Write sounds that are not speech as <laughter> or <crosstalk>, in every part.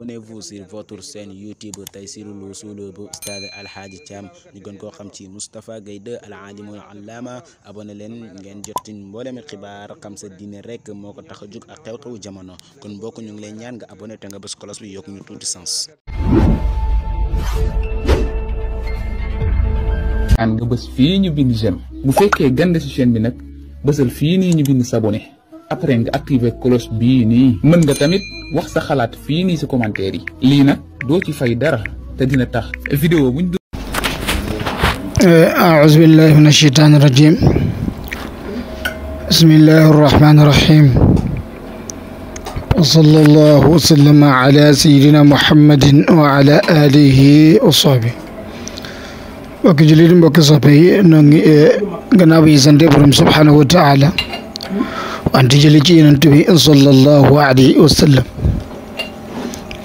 Abonnez-vous sur votre chaîne YouTube Taysiroul Wousoul bu Oustaz Alhaji cam ñu gën koo xam ci Moustapha Gueye 2 al alimul allama abonné leen ngeen jotin mboolemi xibaar xam sa diine rek moo ko tax a jóg ak xew-xewu jamono kon mbokk ñu ngi lay ñaan nga abonné te nga bës cloche bi yokk ñu tuuti sens an nga bës fii bi nag bësal fi nii ñu bind s'abonner après nga activer cloche bi ni mën nga tamit wax sa xalaat fi ni ci commentaire yi li nak do ci fay dara te dina tax vidéo buñ do أعوذ بالله من الشيطان الرجيم بسم الله الرحمن الرحيم وصلى الله وسلم على سيدنا محمد وعلى آله وصحبه وكجلين بك صحبه نغنابي سنتي برم سبحانه وتعالى وانت جلي جينا نتبي ان صلى الله عليه وسلم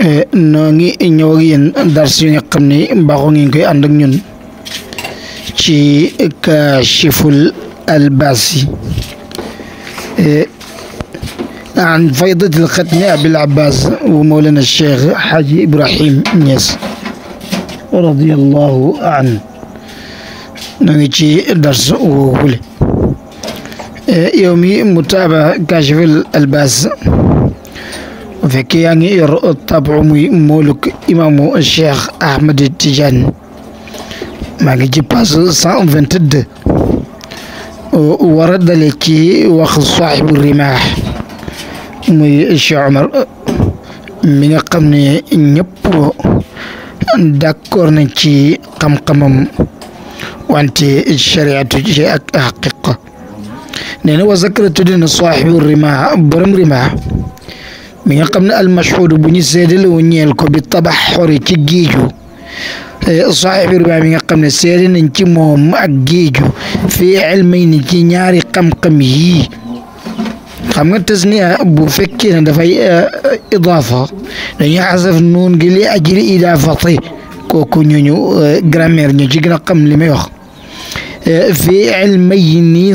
إيه، نوغي نوغي درس يقمني باغوني نكي عندك نون شي كاشف الباسي إيه، عن فيضة الختم أبي العباس ومولانا الشيخ حاجي إبراهيم نيس رضي الله عنه نجي درس وولي يومي متابع كاشفيل الباز وفكيان الطبع مي مولوك إمام الشيخ أحمد التجان ماكي جي باس 122 ورد لكي وخ صاحب الرماح مي الشيخ عمر من قمني نيبو داكور نتي وانتي الشريعة تجي أحقق نين وذكر تدين صاحب الرماح برم رماح من قبل المشهود بني سيدل ونيل كو بالتبحر تجيجو صاحب الرماح من قبل سيدل نتمو مأجيجو في علمين جنياري قمقم يي خم تزني أبو فكي ندفع آه، إضافة لن يحذف النون قلي أجري إضافتي كو كنيو آه، جرامير نجيجنا قم لما يخ في علمين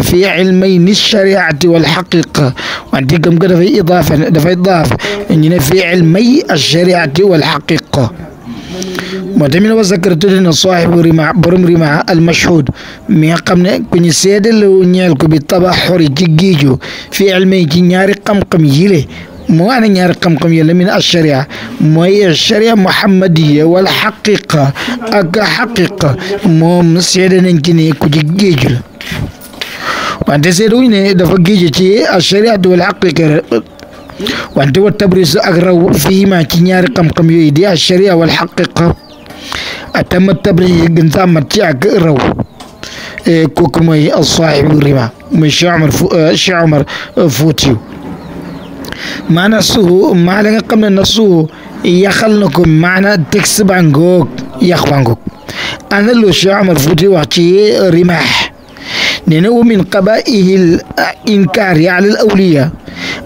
في علمين الشريعة والحقيقة وعندي كم قدر في إضافة في إضافة إننا في علمي الشريعة والحقيقة وتمين وذكرت لنا صاحب رمع برم رمع المشهود من قمنا كن سيد لو نيالكو بالطبع حوري جيجيجو في علمي جنياري قم يلي موانا يرقم قم يلا من الشريعة ما هي الشريعة محمدية والحقيقة أك حقيقة ما مسيرة نجني جيجل وأنت سيروين دفع جيجتي الشريعة والحقيقة وأنت والتبرز أقرأ فيما تنيار قم قم يدي الشريعة والحقيقة أتم التبريز قنثام تيعك رو إيه، كوكمي الصاحب الرما مش عمر فو آه، شعمر فوتيو معنى سو maalaga qabna nasuhu yakhalnakum maana tagsi baan goog yakbangog أنا لو shacmar futi waqtiye رماح ننو من قبائه الإنكار على الأولياء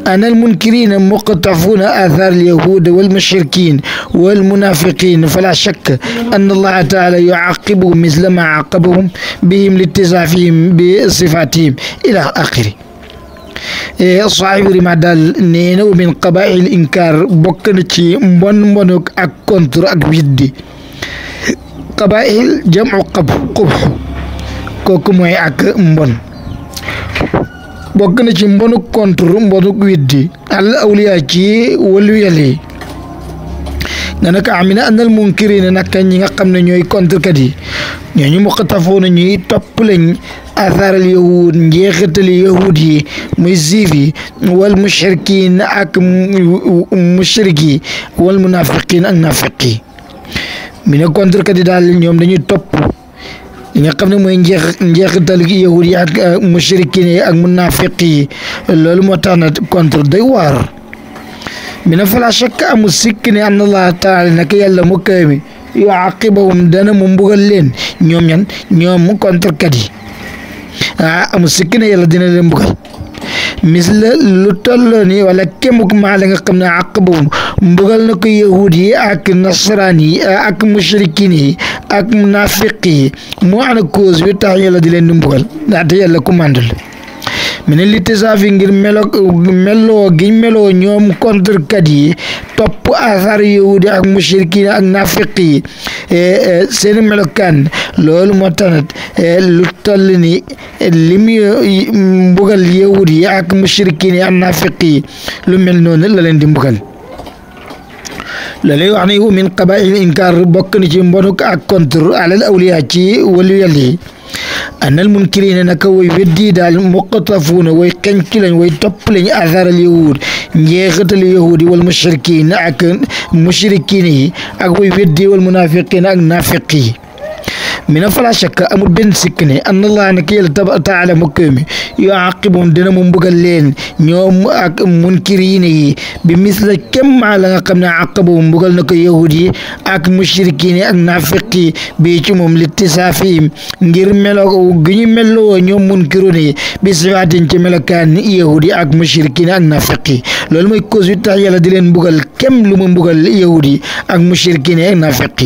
انا المنكرين مقتفون آثار اليهود والمشركين والمنافقين فلا شك أن الله تعالى يعاقبهم مثل ما عاقبهم بهم لاتزافهم بصفاتهم إلى آخره E, saaxibu rima daal nee na min qabail inkaar bokk na ci mbon mbonuk ak kontr ak widdi qabail jamu qab qubxu kooku mooy ak mbon bokk na ci mbonuk contre mbonuk widdi al awliya ci walu yàlla nga nag amina anal munkirina nag ñi nga xam ne ñooy contre kat yi ñooñu muqtafuuna ñuy topp lañ asaral yahud njeexital yahud yi muy juif yi wal mushrikin ak mushrik yi wal munafiqin ak nafiq yi mi ne contrekat yi daal ñoom dañuy topp li nga xam ne mooy njeex njeexital yahud yi ak mushrikin yi ak munafiq yi loolu moo tax na contre day waar mi ne fala shakk amul sikk ne an allah taala naka yàlla mu kay mi yuaqibahum dana mu mbugal leen ñoom ñan ñoom contrekat yi a ah, amul sikki ne yàlla dina leen mbugal misla lu tolloo nii wala kémuk maa la nga xam ne a boobu mbugal na ko yahud yi ak nasaraan yi ah, ak mushrikin yi ak munafiq yi moo ana cause bi tax yàlla di leen di mbugal ndaxte yàlla ku mandul mi ne li tisaafi ngir melo gi giñ meloo ñoom contrekat yi topp asar yahudi ak mushrikin ak nafiq yi e, e, seen melokaan loolu moo tax e, lu toll ni li mu mbugal yahudi yi ak mushrikin yi ak nafiq yi lu mel noon la leen di mbugal la lay wax ne min qabail inkaar bokk ci mbonuk ak contre alal awliya ci wàllu yàlla yi أن المنكرين نكوي ودي دا المقطفون ويكنكلن ويطبلن أثار اليهود نيغت اليهود والمشركين أك مشركين أك ويدي والمنافقين أك نافقين mi na fala shakka amul benn sikk ne an allah nako yàlla taa taala makkoo mi yoo àqibum dina mu mbugal leen ñoom ak munkiriin yi bi misla kemmaa la nga xam ne àqabu mbugal na ko yahud yi ak mushrikiin yi ak naafiq yi bii ci moom littisaafihim ngir meloo ñoom munkiroon yi bi ci melokaan yahud yi ak mushrikiin yi ak naafiq loolu mooy cause bi tax yàlla di leen mbugal kem lu mu mbugal yahud yi ak mushrikiin yi ak naafiq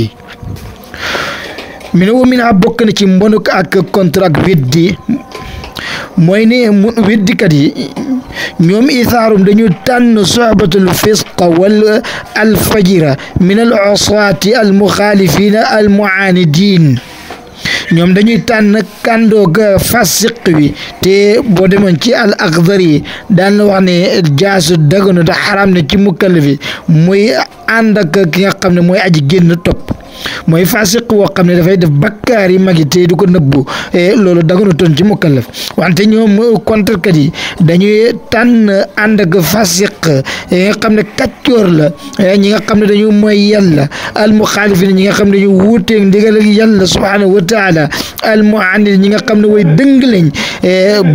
mi ne min ha bokk na ci mbonuk ak contre ak mooy ne mu weddikat yi ñoom isaarum dañu tànn sohbatul fisqa wal alfajira min al osaati al muxaalifina al muaanidin ñoom dañuy tànn kàndoog fasiq wi te boo demoon ci al akdar yi daan la wax ne jaasu daganu te xaraam ne ci mukallaf yi muy ak ki nga xam ne mooy aji génn topp mooy fasiq woo xam ne dafay def bakkaar yi magi te du ko loolo e loolu daganu toon ci mukallaf wante ñoom kontrekat yi dañuy tànn ànd ak fasiq yi e nga xam ne kàccoor la e ñi nga xam ne dañu mooy yàlla al muxaalifin ñi nga xam ne dañu wuuteeg ndigal ak yàlla subhaanahu wa taala al muanid ñi nga xam ne way dëng lañ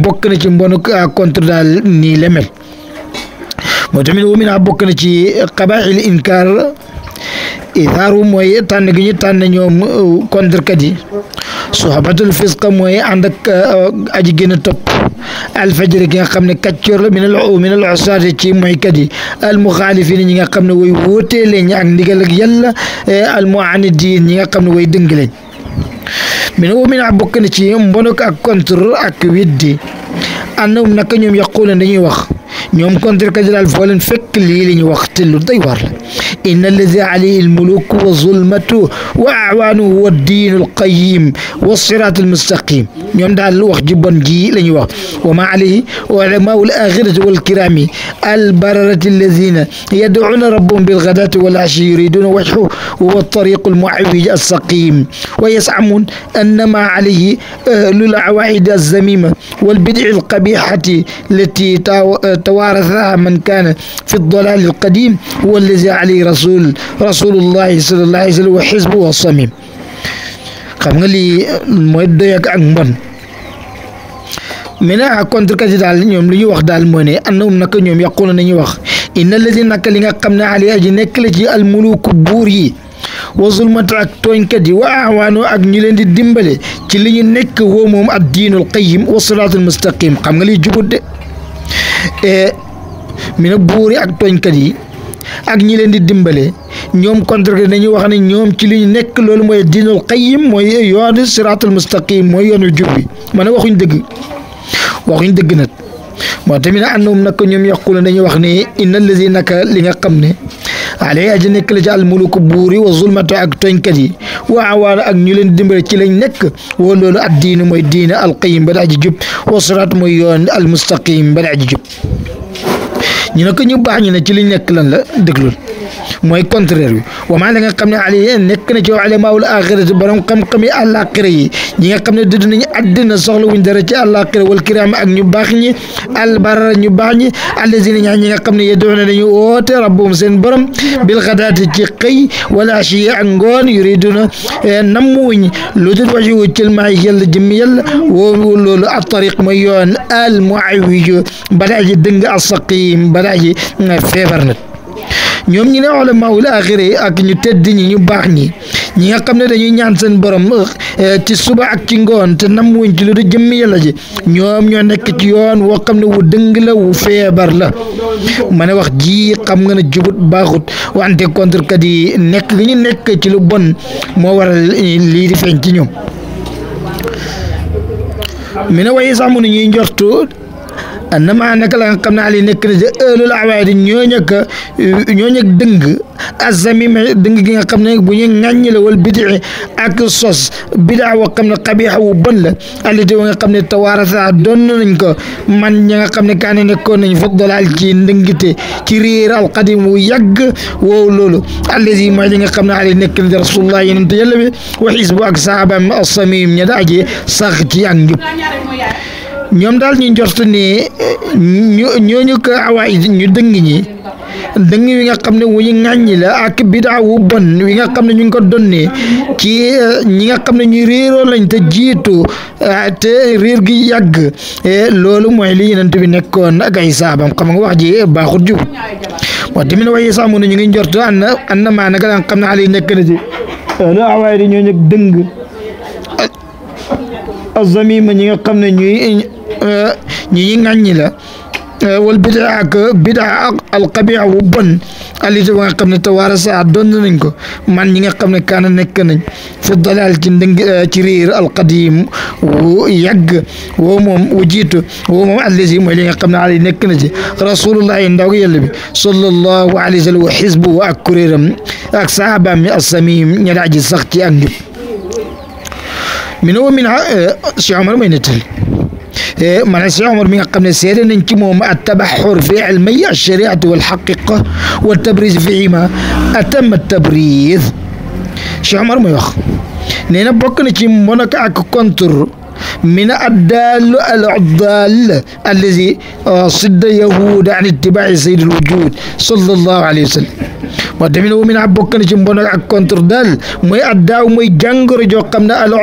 bokk na ci mbonu contre daal nii lemel moo tamit wu min a bokk na ci qabail inkaar idaaru mooy tànn gi ñu tànn ñoom euh, contrekat yi soxbatul fisqa mooy ànd ak euh, aji gën a topp alfajri ki nga xam ne kàccoor la min al min al usaati ci moykat yi almuxaalifin ñi nga xam ne way wóotee lañ ak ndigal ak yàlla euh, almuanidin ñi nga xam ne way dëng lañ min wa min a bokk na ci mbonok ak contre ak weddi annahum naka ñoom yaquulan dañuy wax ñoom contrekat yi daal foo leen fekk lii li ñu wax te lu day war la إن الذي عليه الملوك وظلمته وأعوانه هو الدين القيم والصراط المستقيم يوم دعال الوقت ji bon ji la ñuy wax wa ma alayhi ulamaau l axirati walkirami albararati alladina yadcuuna الطريق المعوج السقيم ويزعمون أن ما عليه أهل العوائد الزميمة والبدع القبيحة التي توارثها من كان في الضلال القديم هو الذي عليه rasul rasulullahi sallallahu alayhi wa sallam nga lii mooy doy ak ak mbon maintenant ak contre kat yi daal ñoom li ñu wax daal mooy ne annahum naka ñoom yaquluna nañu wax inna alladina naka li nga xam ne ali aji nekk la ci almuluku buur yi wa zulmata ak tooñkat yi wa awaano ak ñu leen di dimbale ci li ñu nekk woo moom ad diinul qayim wa siraatul mustaqim xam nga liy jubut de eh, ak tooñkat yi ak ñi leen di dimbale ñom contre dañu wax ni ñom ci li ñu nekk lool moy dinul qayyim moy yoonu siratul mustaqim moy yoonu jubbi bi waxuñ dëgg waxuñ dëgg nak mo tamina annum nak ñom yaqul dañu wax ni innal allazi naka li nga xamné alay aji nekk la ci muluk buri wa zulmatu ak tooñkat yi wa awaana ak ñu leen dimbale ci lañ nekk wo lolu ad diinu mooy diina qayyim ba di jub wa siraat mooy yoon almustaqim ba di jub ñu ne ko ñu baax ñu na ci liñ nekk lan la déglul mooy contraire bi wa maa la nga xam ne ali nekk na ci yow alimaawul axirati borom xam-xami àllaaxira yi ñi nga xam ne dund nañu àddina soxla wuñ dara ci àllaaxira wal kiraam ak ñu baax ñi albarara ñu baax ñi allazina ñaa ñi nga xam ne yeddoona dañu woote rabbum seen borom bil xadaati ci xëy wala ashiya ak ngoon yuriduna nammuwuñ lu dul wax wu cilmaay yàlla jëmm yàlla woo loolu attariq mooy yoon al muawijo balaa ji dëng asaqim balaa ji feebar nag ñoom ñi ne ulama ul ak ñu tedd ñi ñu baax ñi ñi nga xam ne dañuy ñaan seen borom eh, ci suba ak ci ngoon te nam wuñ ci lu du jëmm yàlla ji ñoom ñoo nekk ci yoon wo xam ne wu dëng la wu feebar la ma ne wax ji xam nga ne jubut baaxut wante contre kat yi nekk gi ñu nekk ci lu bon moo war lii di feeñ ci ñoom mi ne waye sax mënu ñuy njortu annama naka la nga xam ne ali nekk na ja ëllul awaadi ñooñ ak ñooñ ak dëng azamima dëng gi nga xam ne bu ñu ŋàññi la wal bidii ak sos bidaa woo xam ne xabiixa wu bon la alliti wa nga xam ne tawaarata doon nañ ko man ña nga xam ne kaane nekkoon nañ foog dalaal ci ndëngite ci réer alqadim wu yàgg woow loolu allati mooy li nga xam ne ali nekk na ja rasulullah yenente yàlla bi wa xisbu ak sahabaam asamim ña daaje sax ci ak njub ñoom daal ñu njort ne ñu ñooñu ko awaay ñu dëng ñi dëng wi nga xam ne wu ñu ŋàññi la ak bidaa wu bon wi nga xam ne ñu ngi ko donnee ci ñi nga xam ne ñu réeroon lañ jiitu te gi yàgg loolu mooy li yenent bi nekkoon ak saabam xam nga wax ji baaxut jub wax tamit waaye sax ñu ngi njort an an na maa naka la xam ne xale na ci loolu ñuy ñi ñi ŋàññi la wal bidaa ak bidaa ak alqabia bu bon alliti ba nga xam ne tawaara saa doon nañ ko man ñi nga xam ne kaana nekk nañ fi dalal ci ndëng ci réer alqadim wu yàgg woo moom wu jiitu woo moom allisi mooy li nga xam ne ali nekk na ci rasulullahi ndaw yàlla bi sallallahu alayhi wa sallam wa xisbu ak kuréeram ak saabaam yi assamim ñadaa ji sax ci ak njub min wa min Cheikh Omar may nettali إيه، معناها عمر من قبل سيرة ننكي التبحر في علمي الشريعة والحقيقة والتبريز فيهما أتم التبريز شي عمر ما يخ نينا بوكنا كي مونك أك كونتر من الدال العضال الذي آه، صد يهود عن اتباع سيد الوجود صلى الله عليه وسلم wadamina من mina bokkani ci mbon ak contre dal moy addaw moy jangoro jo xamna al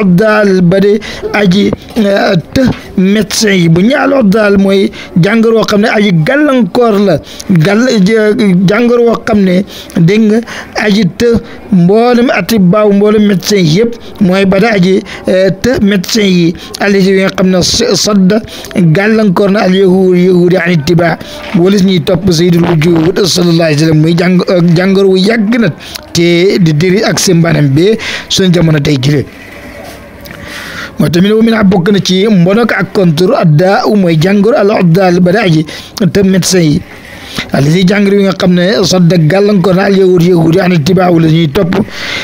médecin yi bu ñu aloo daal mooy jàngoro woo xam ne aji gàllankoor la gàll jàngoro woo xam ne dégg nga aji të mboolem ati mboolem médecin yi yëpp mooy bada aji e, të médecin yi alladi yi nga xam ne sadda gàllankoor na al yahud yahudi an ittiba walis ñuy topp sayyidul wujud sallallahu alayhi sallam muy jàng jàngoro wu yàgg na te di diri ak simbanam bee suñu jamono tey le moo tamit wu min bokk na ci mbonok ak kontur adda u mooy jàngor al oddaal badaa ji te médecin yi àlli si jàngir wi nga xam ne sadda gàllankoor na al yahud yahud yi an itibaawu la ñuy topp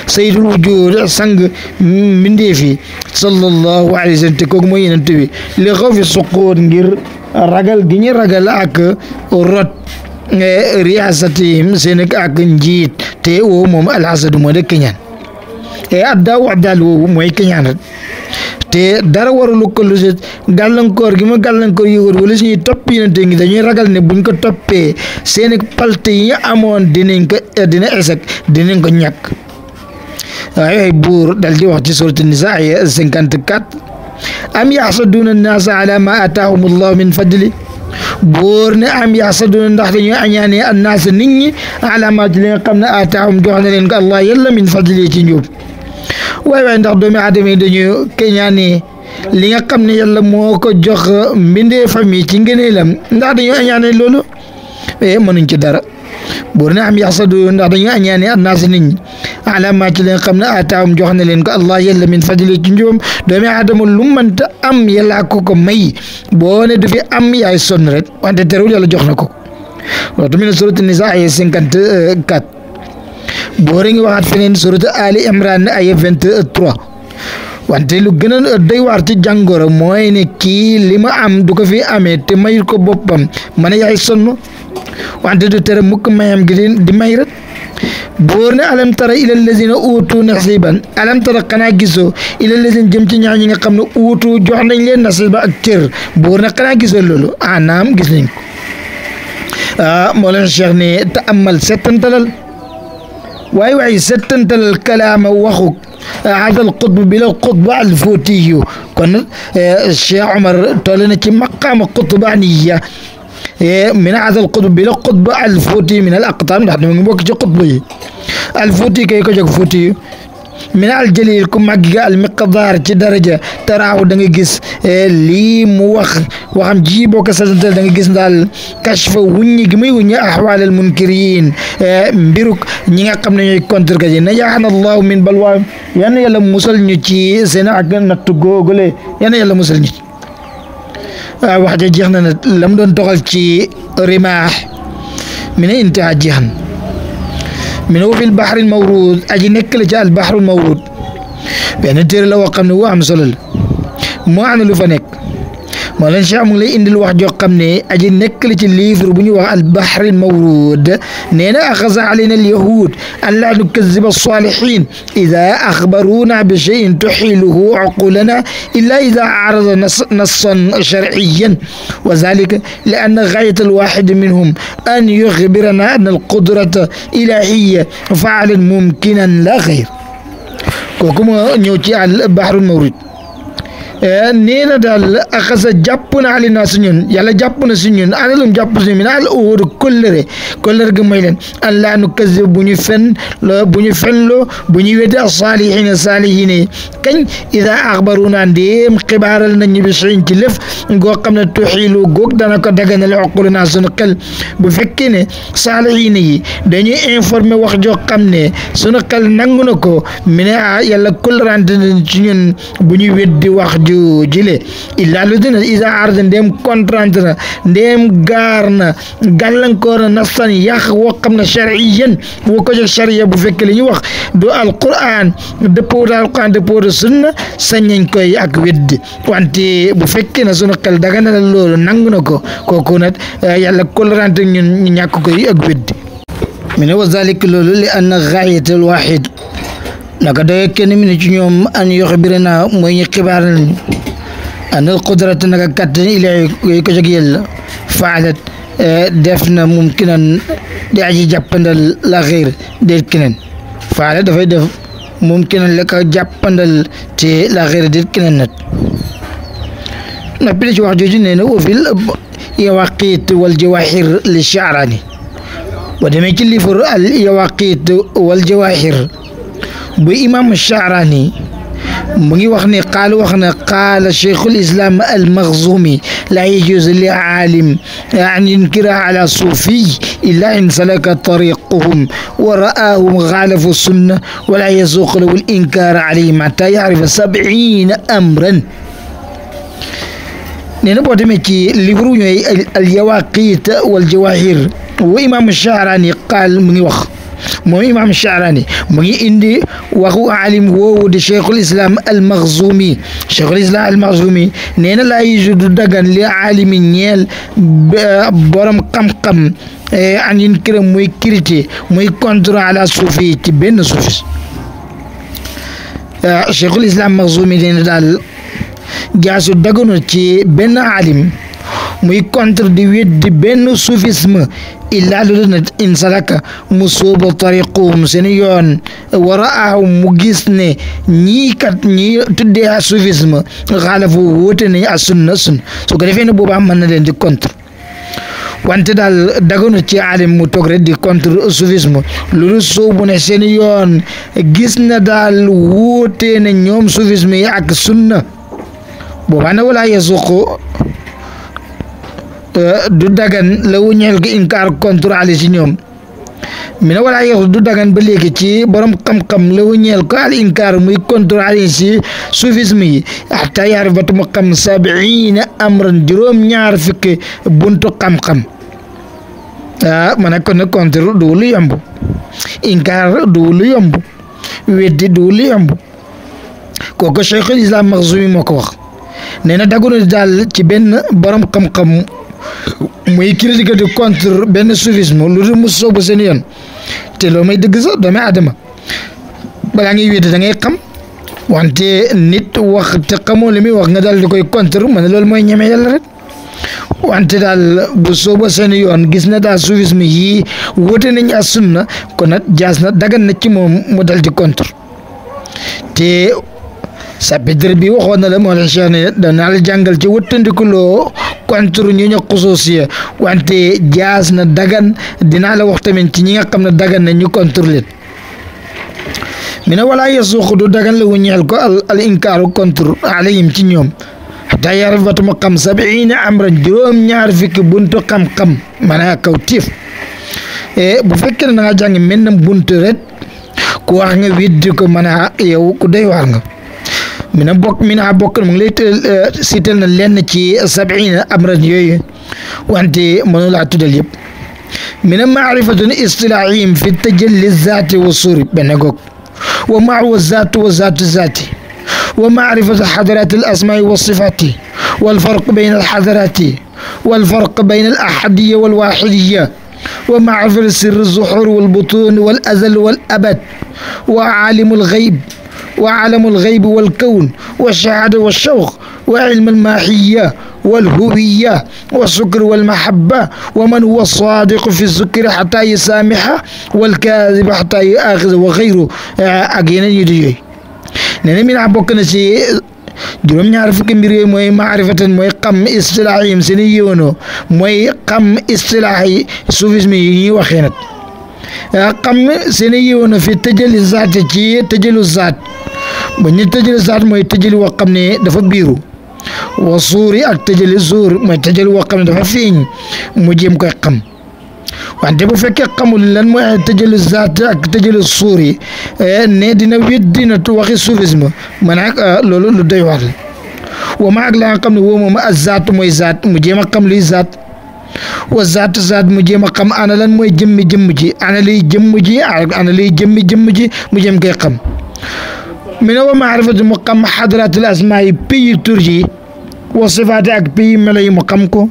sayyidul wujuud sang mbindeef fi sallallahu alayhi wa sallam te kooku mooy yenent bi li xaw fi ngir ragal gi ñu ragal ak rot e, riasatihim seen ak njiit te woo moom alxasadu moo de keñaan e addaawu addaal woowu mooy keñaan te dara waralu ko lu si gàllankoor gi ma gàllankoor yi wër wala suñuy topp yonent ngi dañuy ragal ne buñ ko toppee seeni palte yi amoon dinañ ko dina esek dinañ ko ñàkk waaye ay buur dal di wax ci suuratu Nisaa ay 54 am yaxsaduuna naasa ala ma aataahum allahu min fadli buur ne am yaxsaduna ndaxte ñoo añaane annaasa nit ñi ala ma ci li nga xam ne aataahum jox na leen ko allah yàlla min fadli ci njub waay waay ndax doomi aadama yi dañu keñaane li nga xam ne yàlla moo ko jox mbindee famille ci ngëneelam ndax dañu añaane loolu e mënuñ ci dara buur ne am yaxsadu ndax dañu añaane annaas nit ñi ala maa ci leen xam ne ataawum jox na leen ko allah yàlla min fadli ci njuum doomi aadama lu mënta am yàlla ko ko may boo ne du fi am yaay sonn rek wante terewul yàlla jox na ko loolu tamit ne surat nisa ay cinquante quatre boore ngi waxaat feneen suratu Ali Imran aya vingt-trois wante lu gën a doy waar ci jàngoro ne kii li ma am du ko fi amee te mayut ko boppam man yaay sonn wante du tere mukk mayam gi di may rek boor ne alam tara ila lazina uutu nasiban alam tara xanaa gisoo ila lazina jëm ci ñaar ñi nga xam ne uutu jox nañ leen nasiba ak cër boor ne giso gisoo loolu anaam ah, gis nañ ko ah moo leen cheikh ne ta amal settantalal وعي ستنت الكلام واخوك هذا القطب بلا على الفوتيو كان آه، الشيخ عمر تولنا مقام عنية آه، من هذا القطب بلا على الفوتي من الأقطاب نحن من بوك قطبي الفوتي كي كجك فوتي من الجليل كم مجا المقدار شي درجة تراو دنجي جيس إيه، لي موخ وهم جيبو كسلتل دنجي جيس دال كشف ويني جمي ويني أحوال المنكرين إيه، بيروك نيجا قمنا يكونتر كجي نجاحنا الله من بلوى يعني يلا مسل نيجي سنة أكن نتوغو غلي يعني يلا مسل نيجي آه، واحد جيخنا لم دون تغل شي رماح من انتهى جيخنا من هو في البحر المورود أجي نكل جاء البحر المورود بين الدير لو قمنا هو عم صلل ما عن لفنك مولانا شيخ مولاي اندي الواحد جو خامني اجي نيك لي ليفر بو البحر المورود نينا اخذ علينا اليهود ان لا نكذب الصالحين اذا اخبرونا بشيء تحيله عقولنا الا اذا عرض نصا شرعيا وذلك لان غايه الواحد منهم ان يخبرنا ان القدره الهيه فعلا ممكنا لا غير كوكو نيوتي على البحر المورود Eh, nee na daal axasa jàpp na ali naa si ñun yàlla jàpp na si ñun ana lu mu jàpp si ñun mi na al uhud kollëre kollëre gi may leen nu kasib bu fen lo bu ñu fen lo bu ñu weddi yi kañ ida axbaruna ndéem xibaaral na ñu bi suñ ci lëf goo xam ne tuxiilu góog dana ko daganale oqulu naa suñu xel bu fekkee ne saalihiina yi dañuy informé wax joo xam ne suñu xel nangu na ko mi ne ah yàlla kollërante na ñun bu weddi wax joojile illaa lu dina isa arda ndéem contrainte na gaar na gàllankoor na nastan yàq woo xam na chariyan woo ko jox charia bu fekkee li ñu wax du alquran dëppoo da alquran dëppoo da sunna sañ nañ koy ak weddi wante bu fekkee na sunu xel daga na la loolu nangu na ko kooku nag eh, yàlla kolorante ñun ñu ñàkk koy ak weddi mi ne wa zalik loolu li anna gaayatal waxid naka doye kenn mi ne ci ñoom an yuxbirna mooy ñu xibaar nañ anal qudrata naka kattan ilay yooyu ko jóg yàlla faalat def na mumkinan di aji jàppandal la xiir déet keneen faalat dafay def mumkinan la ka jàppandal te la xiir déet keneen nag noppi na ci wax jooju nee na wafil yawaqit wal jawahir li shaarani wa demee ci lifur al yawaqit wal jawahir بو امام الشعراني مغي وخني قال وخنا قال شيخ الاسلام المغزومي لا يجوز لعالم يعني ينكر على صوفي الا ان سلك طريقهم وراهم غالفوا السنه ولا يسوق له الانكار عليهم حتى يعرف سبعين امرا نينا بوتيمكي ليبرو نيو اليواقيت والجواهر وامام الشعراني قال مغي وخ mooy imaam Sha'rani mu indi waxu alim woowu di cheikhul islam al-Makhzumi cheikhul islam al-Makhzumi nee dagan li alimi ñeel eh, borom xam-xam eh, an yin muy critiquer muy contre ala suufi ci benn suufi eh, cheikhul islam Makhzumi nee na daal jaasu daganu ci benn alim muy contre di weddi benn soufisme illaa lu dul in salaka mu sóoba mu seen yoon aw mu gis ne ñii kat ñii tuddee a soufisme xaalafu wóote nañ a sunna sun su ko defee ne boobaa mën na leen di contre wante daal daganu ci alim mu toog rek di contre soufisme loolu soobu ne seen yoon gis na daal wóote na ñoom soufisme yi ak sunna boobaa na walaa yesuqu Euh, du dagan la wu ñeel ko inkaar contre ali ñoom mi ne walaa du dagan ba léegi ci borom xam-xam la wu ñeel ko al inkaar muy contre ali si soufisme yi xataa yaari fatu mu xam sabiina amran juróom ñaar fukki buntu xam-xam ah ma ne ko du lu yomb inkaar du lu yomb weddi du lu yomb kooku cheikhul islam Maxzumi moo ko wax nee na daal ci benn borom xam-xam muy critiquer contre benn soufisme lu dul mu soobo seen yoon te loo may dëgg sax doomi aadama balaa ngay wéete da ngay xam wante nit wax te xamoo li muy wax nga daal di koy contre ma ne loolu mooy ñeme yàlla rek wante daal bu sooba seen yoon gis na daal soufisme yi wóote nañ a sunna kon nag jaas na dagan na ci moom mu dal di contre te chapitre bi waxoon na la moo la cheikh ne danaa la jàngal ci wëttandikuloo ku an turu ñu ñu xusuusiya wante jaas na dagan dinaa la wax tamit ci ñi nga xam ne dagan na ñu ko an tur leen mi ne du dagan la wu ñeel ko al inkaaru contre alayhim ci ñoom xataa yarif ba tuma xam sabiina amran juróom ñaar fukki buntu xam-xam maanaam kaw tiif e, bu fekkee na da ngaa jàng mel na buntu rek ku wax nga weddi ko maanaam yow ku doy waar nga من بوك من بوك من ليت سيتلنا لين تي 70 امراض يوي وانت من لا تدل يب من معرفة اصطلاعيم في التجلي الذات والصور بنغوك ومع الذات وذات الذات ومعرفة حضرات الأسماء والصفات والفرق بين الحضرات والفرق بين الأحدية والواحدية ومعرفة سر الزحور والبطون والأزل والأبد وعالم الغيب وعلم الغيب والكون والشهادة والشوق وعلم الماحية والهوية والسكر والمحبة ومن هو الصادق في السكر حتى يسامح والكاذب حتى يأخذ وغيره آه، أجينا يدي نعم نعبوك نسي جرم نعرف كمبيري موي معرفة موي قم استلاحي مسنيونو موي قم استلاحي سوفيزمي يوخينت آه، قم سنيونو في تجل الزات تجل الزات ba ñu tëjëli saat mooy tëjëli woo xam ne dafa biiru wa suuri ak tëjëli suur mooy tëjëli woo xam ne dafa fiiñ mu jéem koy xam wante bu fekkee xamul lan mooy tëjëli saat ak tëjëli suur yi eh, ne dina wét dina waxi soufisme maanaam eh, loolu lu doy waar la wa ma ak la nga xam ne woo moom a mooy zaat mu jéem a xam luy zaat wa zaat zaat mu jéem a xam ana lan mooy jëmmi jëmm ji ana liy jëmm ji ana liy jëmmi jëmm ji mu jéem koy xam من أول معرفة مقام حضرات الأسماء بي ترجي وصفات أك بي ملي مقامكو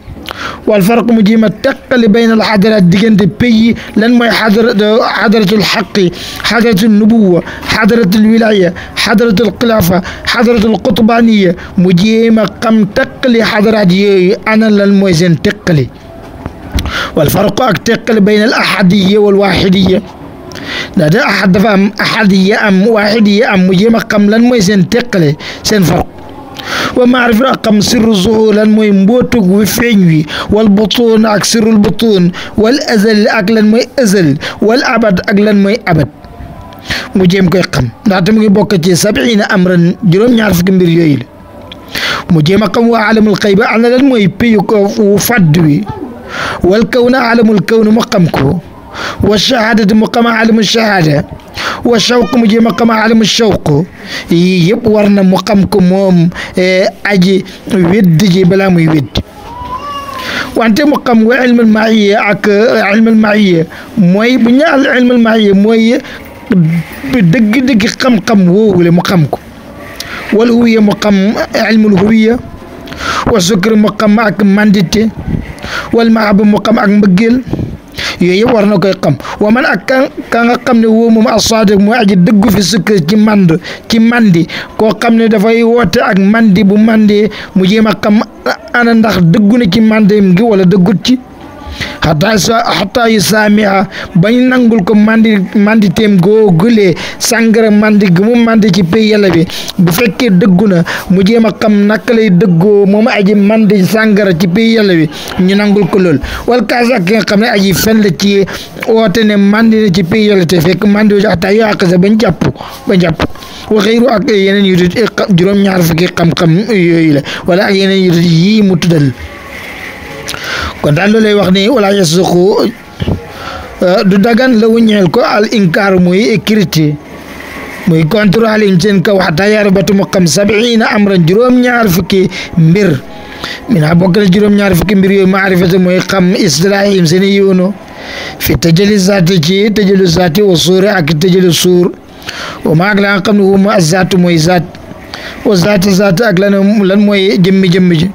والفرق مجيمة تقل بين الحضرات دي بي لن ما حضرة حضرة الحق حضرة النبوة حضرة الولاية حضرة القلافة حضرة القطبانية مجيمة قم تقل حضرات يوي أنا للموزن تقلي والفرق أك تقل بين الأحدية والواحدية daa de dafa am ahad yi am waaxid yi am mu jéem a xam lan mooy seen teqale seen farq wa maarifa ak xam sirru zuhur lan mooy mbootug wi feeñ wi wal butuun ak sirrul butuun wal azal ak lan mooy azal wal abad ak lan mooy abad mu jéem koy xam ndaxte mu ngi bokk ci sabiina amran juróom-ñaar fukki mbir yooyu la mu jéem a xam waa alamul xayba ana lan mooy péyu ko wu fàdd wi wal kaw na alamul kaw na mu xam ko والشهادة مقام علم الشهادة والشوق mu ji maqama alamu shawq yii yëpp war na mu xam ko moom eh, aji weddi ji balaa muy weddi wante mu xam wa ilmul maaiya ak eh, ilmul maaiya mooy bu ñu al ilmul maaiya mooy dëgg-dëgg xam-xam woowule mu xam ko wal huwiya mu xam ilmul huwiya wa sukr mu xam ak mandite wal mahaba mu xam ak mbëggeel yooyu yëpp war na koy xam wa man ak ka ka nga xam ne woo a as-saadiq mooy aji dëggu fi sukk ci mand ci mandi koo xam ne dafay woote ak mandi bu mandi mu jéem a xam ana ndax dëggu na ci mandem gi wala dëggut ci xataa sa xataa yu saamiha bañ nangul ko mandi mandi teem goo gulee sàngara mandi gu mu mandi ci pay yàlla bi bu fekkee dëggu na mu jéem a xam naka lay dëggoo moom aji mandi sàngara ci pay yàlla bi ñu nangul ko lool wal kaas ak ki nga xam ne aji fen la ci woote ne mandi na ci pay yàlla te fekk mandi ci xataa yu àq sa bañ jàpp ba jàpp waxiiru ak yeneen yu dut eh, juróom-ñaar fukki xam-xam yooyu la wala ak yeneen yu dut yii mu tuddal kon daal loolay wax ni wala yasuqu euh, du dagan la wuñeel ko al inkaar muy kiriti muy contre al injeen ka waxta yarbatu mu xam sabiina amran juróom-ñaar fukki mbir mina bokk na ñaar fukki mbir yooyu maarifata mooy xam istilaahim seeni yoonu fi tëjëli zaati ci tëjëlu zaati wa suuri ak tëjëlu suur wa maag la xam ne huma zaatu wa zaati zaat ak lan lan mooy jëmmi jëmmi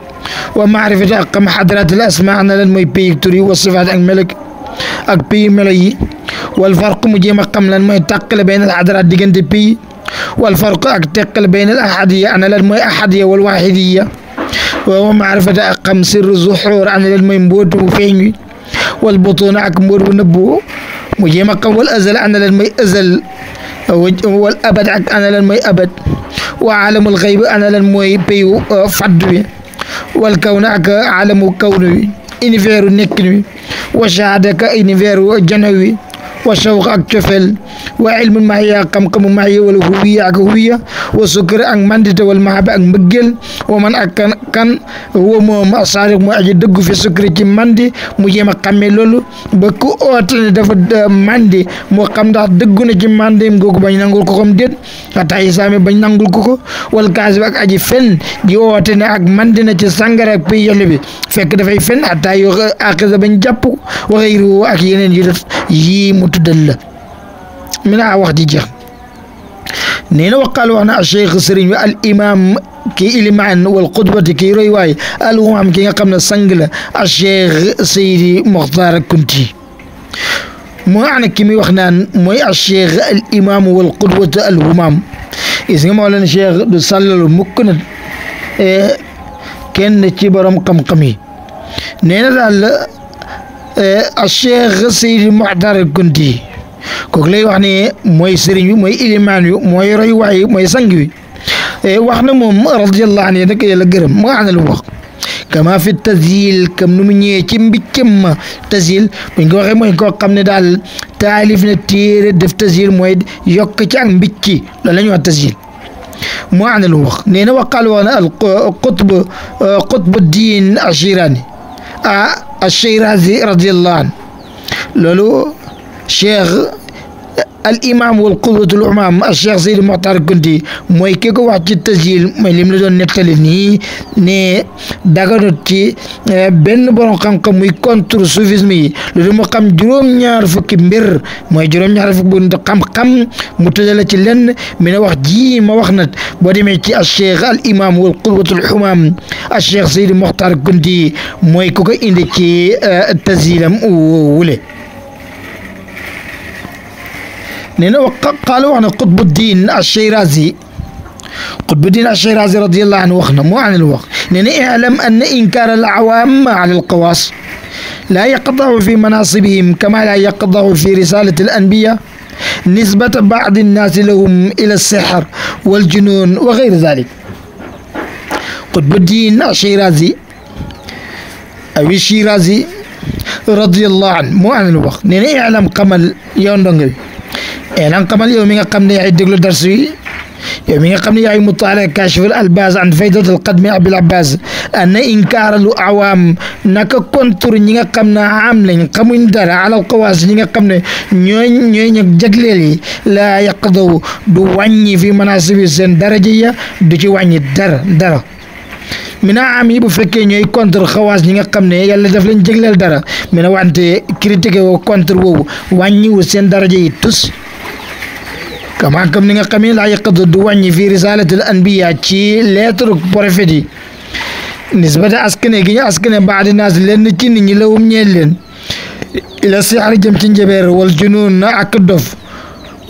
ومعرفة أقم حضرات الأسماء أن لن بيكتوري وصفات الملك بي ملي والفرق مجيما قملا ما يتقل بين الحضرات ديجن بي والفرق أكتقل بين الأحدية أنا لن أحدية والواحدية وهو معرفة أقم سر الزحور أنا لن يمبوت وفيني والبطون أكمور ونبو مجيما قم والأزل أنا لن أزل والأبد أنا لن أبد وعالم الغيب أنا لن بيو فدوي wal kaw na ak alamu kawn wi univers u nekkin wi wa shahada ka univers u jano wi wa shawq ak cofeel wa ilmun mahiya ak xam-xamu mahiya wala huwiya ak huwiya wa sukkur ak mandite wal mahaba ak mbëggeel wa man ak kan kan wa moom asaariq fi sukkur ci mandi mu jéem a xàmmee loolu ba ku oote ne dafa mandi moo xam ndax dëggu na ci mandi googu bañ nangul ko xam déet xataa isaame bañ nangul ko ko wal kaasib ak aji fen di oote ne ak mandi na ci sangara ak pay yàlla bi fekk dafay fen xataa yoo àqisa bañ jàpp waxee ak yeneen yi يي من واحد يجي نينا وقال وانا الشيخ سرين الامام كي المعن والقدوة كي رواي الامام كي يقمنا سنجل الشيخ سيدي مختار كنتي مو عنا كيمي وخنان مو الشيخ الامام والقدوة الامام إذا ما قالنا الشيخ دسال المكن إيه كن تجبرم كم قمي نينا دال Eh, a cheikh Seydi Muxtaar Kunti kooku lay wax ne mooy sëriñ bi mooy ilimaan yu mooy roy waay mooy sang bi eh, wax na moom radiyallahu anhu nag yàlla gërëm mu nga xam ne lu wax kama fi tasil kam nu mu ñëwee ci mbiccam ma tasil buñ ko waxee mooy koo xam ne daal taalif na téere def tasil mooy yokk ci ak mbicci loolu la ñuy wax tasil mu nga xam ne lu wax nee na waqaal woon al qutb qutb diin ashirani ah الشيرازي رضي الله عنه لولو شيخ الامام والقدوة الامام الشيخ زيد المعتار كنتي موي كيكو واحد تي تسجيل موي لي مدون نيتالي ني ني داغانو آه، بن بورون خام خام موي كونتر سوفيزمي لو مو خام جوروم ñaar فكي مير موي جوروم ñaar فكي بون خام خام مو تي لن مينا واخ جي ما واخ نات بو ديمي تي الشيخ الامام والقدوة الامام الشيخ زيد المعتار كنتي موي كوكو اندي تي آه، تسجيلم وولي لأنه قالوا عن قطب الدين الشيرازي قطب الدين الشيرازي رضي الله عنه وخنا مو عن الوقت لأن اعلم أن إنكار العوام على القواص لا يقضه في مناصبهم كما لا يقضه في رسالة الأنبياء نسبة بعض الناس لهم إلى السحر والجنون وغير ذلك قطب الدين الشيرازي أو الشيرازي رضي الله عنه مو عن الوقت نيني اعلم قمل يوندنغي انا قمل يومي قمنا يعي دقل درسي يومي قمنا يعي مطالع كاشف الالباز عن فيدرة القدم يا العباس ان انكار الاعوام نك كنتر ني قمنا عاملين قمين دار على القواس ني قمنا نيو نيو نك جدلي لا يقضوا دو واني في مناسب الزن درجية دو جي واني در در من عام يبو فكي نيو كنتر خواس ني قمنا يلا دفلين جدلي دار من وانت كريتك و كنتر وو واني وسن درجية توس كما كم نيغا كامي لا يقد دواني في رساله الانبياء تشي ليتر بروفيدي نسبة أسكني جي أسكني بعد الناس لين تشي ني لوم إلى سحر جم تنجبر والجنون أكدف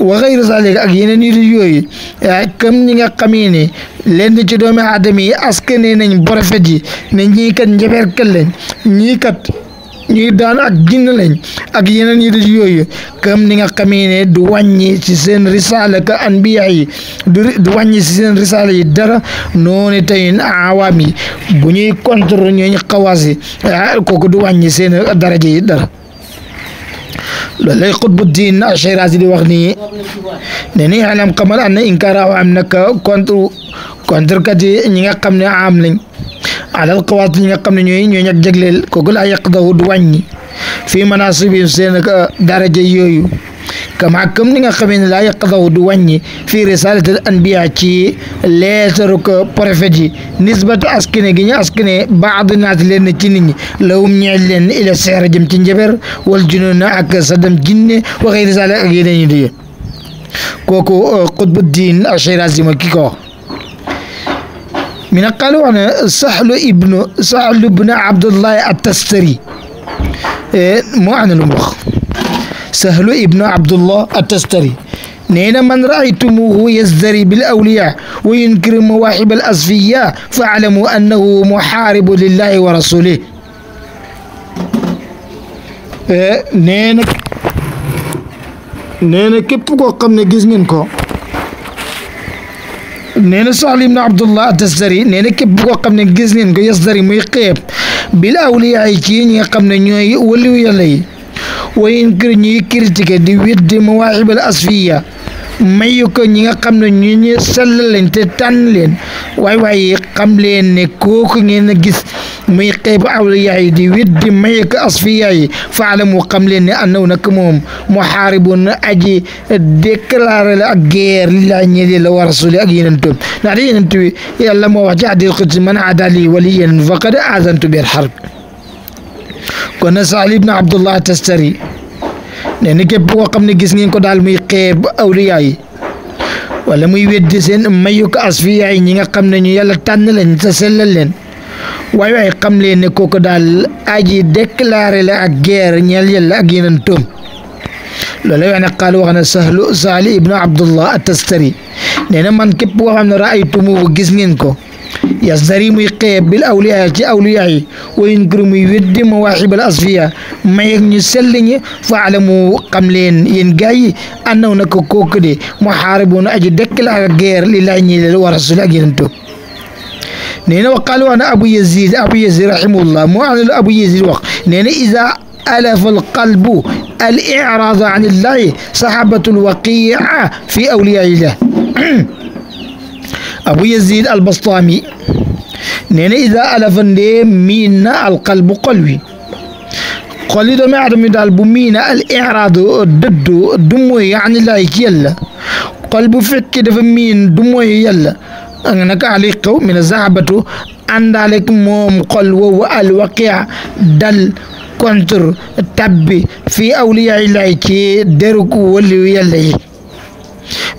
وغير ذلك أك ينين يوي أه، كم نيغا كاميني لين تشي دومي آدمي أسكني نين بروفيدي نيني كان جبر كلين نيكت ñuy daan ak jinn ak yeneen yi yooyu comme ni nga xamee ne du wàññi ci seen risaala ka anbiya yi du wàññi si seen risaala yi dara noonu tey awaam yi bu ñuy contre ñooñu xawaas yi ah, kooku du wàññi seen daraja yi dara loolu lay xutbu diin Ashirazi di wax nii ne ni alam xamal an na inkaara am nag contre contre kat yi ñi nga xam ne am lañ على القوات اللي قمنا نيوين نيو نيك جغليل كوغل اي قدو دواني في مناصب سين درجه يوي كما كم نيغا خمين لا يقدو دواني في رساله الانبياء تي ليترك بروفيتي نسبه اسكني غي اسكني بعض الناس لين تي نيغي لو نيل لين الى سير جم تي نجبر والجنون اك صدم جن وغير ذلك غي دي كوكو قطب الدين الشيرازي مكي من قالوا أنا سهل ابن سهل ابن عبد الله التستري إيه مو عن المخ سهل ابن عبد الله التستري نين من رأيتموه يزدري بالأولياء وينكر مواحب الأصفياء فاعلموا أنه محارب لله ورسوله إيه نين نين كيف قمنا جزنين كو نين صالح بن عبد الله تستري نين كبقوا قمنا جزنين يصدري ميقيب أولي عيتين قمنا نيوي ولي ويلي كرني كرتك دي ود مواعب الأصفية mayu ko ñi nga xam ne ñu ñu sell leen te tànn leen waaye waaye xam leen ne kooku ngeen gis muy xeebu ba yi di weddi mayu ko asfiyaa yi faalamu xam leen ne annaw nag moom muhaaribun aji déclaré la ak guerre lillaahi ñeel la wa rasuli ak yeneen tub ndax de yeneen tubi yàlla moo wax ci adil qudsi man aada lii waliyan faqad aadantu bil harb kon na Sahl Abdullah Tastari nee na képp koo xam ne gis ngeen ko daal muy xeeb awliyaa yi wala muy weddi seen mayuk asfiyaa ñi nga xam ne ñu yàlla tànn leen te sellal leen waaye xam leen ne ko daal aji déclaré la ak guerre ñeel yàlla ak yeneen toom loolu wax na qaal wax na sahlu saali ibnu abdullah at tastari nee man képp koo xam ne raaytumuhu gis ngeen ko يزدريم يقيب بالأولياء أولياء وينقرم يود مواحب الأصفياء ما يغني سلني فعلموا قملين ينقاي أنه نكو كوكدي محاربون أجي دكل أغير لله ورسول أجي نينا وقالوا أنا أبو يزيد أبو يزيد رحمه الله مو على أبو يزيد وق نينا إذا ألف القلب الإعراض عن الله صحبة الوقيعة في أولياء الله <clears throat> أبو يزيد البسطامي نين إذا ألفن دي مين القلب قلبي قلي دو معدم يدال بمين الإعراض ضد دموي يعني لايك يلا قلب فك دف مين دموي يلا أنك عليك من الزعبة عندك موم قلو والوقع دل كونتر تبي في أولياء الله كي دركو واللي يلا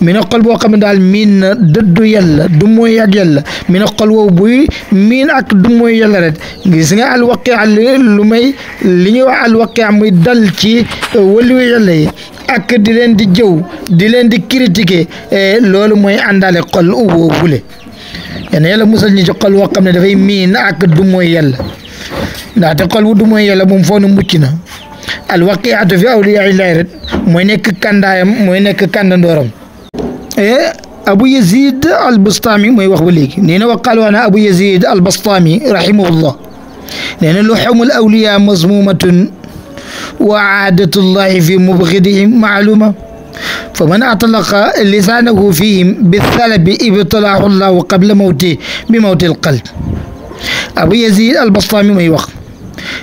mi xol boo xam ne daal miin na dëddu yàlla du mooy ak yàlla mi na xol woowu buy ak du mooy rek gis nga alwaqe lu may li ñuy wax alwaqe muy dal ci euh, wëliwu yàlla yi ak di leen di jëw di leen di critiquer euh, loolu mooy àndaale xol woowule yéen yàlla musal ñi ci xol woo xam ne dafay miin ak du mooy yàlla ndaxte xol wu du mooy yàlla moom foo nu mucc na alwaqiatu fi awliyaa illaahi rek mooy nekk kandaayam mooy nekk kandandooram إيه؟ أبو يزيد البسطامي ما يوقف ليك نين وقالوا أنا أبو يزيد البسطامي رحمه الله لأن لحوم الأولياء مزمومة وعادة الله في مبغضهم معلومة فمن أطلق لسانه فيهم بالثلب ابتلاه الله قبل موته بموت القلب أبو يزيد البسطامي ما يوقف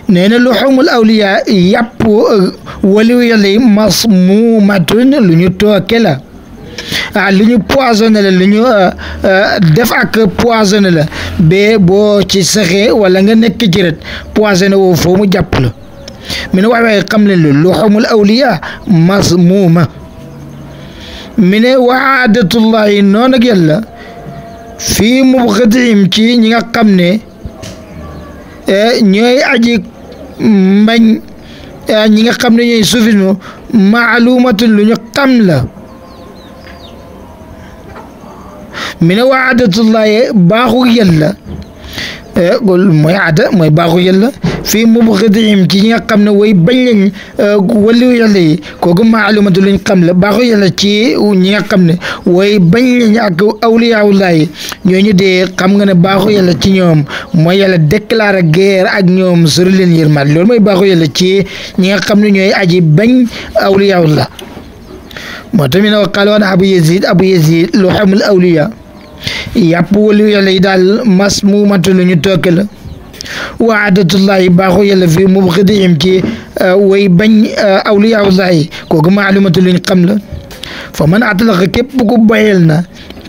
نين لحوم الأولياء يبو ولو يلي مصمومة لنتوكلها a ah, li ñu poisonné la li euh, euh, def ak poisonné la ba boo ci saxee wala nga nekk ci ret poisonné woo foo mu jàpp la mi ne waaye xam leen lu luxumul awliya masmuuma mi ne wa aadatullahi noon ak yàlla fii ci ñi nga xam ne euh, ñooy aji mbañ ñi nga xam ne ñooy sufisme lu ñu xam la من وعدة الله باخو يلا إيه، قول موي عدا موي باخو يلا في مبغضهم كي يقمنا وي بلين ولو يلا كوكو معلومة لين قمنا باخو يلا كي يقمنا وي بلين اكو اولياء الله نيوني دي قمنا باخو يلا كي نيوم موي يلا دكلار غير اك نيوم سرلين يرمال لور موي باخو يلا كي يقمنا نيوي اجي بلين اولياء الله ما تمينا وقالوا أنا أبو يزيد أبو يزيد لحم الأولياء yàpp walu yàlla yi daal mas mu matu lu ñu tokk la wa aadatullahi baaxu yàlla fi mubxidihim ci euh, way bañ euh, awliyaullahi kooku maalumatu luñ xam la fa man atlaqa képp ku boyel na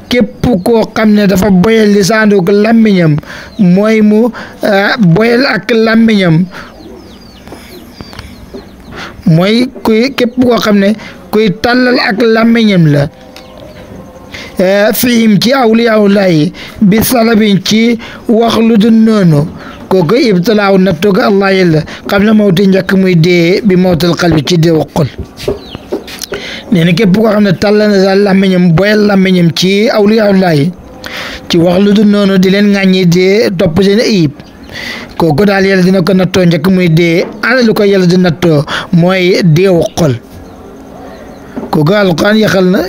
képp koo xam ne dafa boyel lisaanuk làmmiñam mooy mu euh, boyel ak làmmiñam mooy kuy képp koo xam ne kuy tàllal ak làmmiñam la Eh, fihim ci awliyaullaahi bi salabin ci wax lu dul noonu kooku ibtilaaw nattu ga allah yàlla xam ne mawti njëkk dee bi mawtal qalbi ci dee xol nee na képp koo xam ne tàlla na daal ci awliyaullaahi ci wax di leen ŋàññi dina ko nattoo njëkk muy dee ana lu ko yàlla di nattoo mooy dee xol kooku alquran yaxal na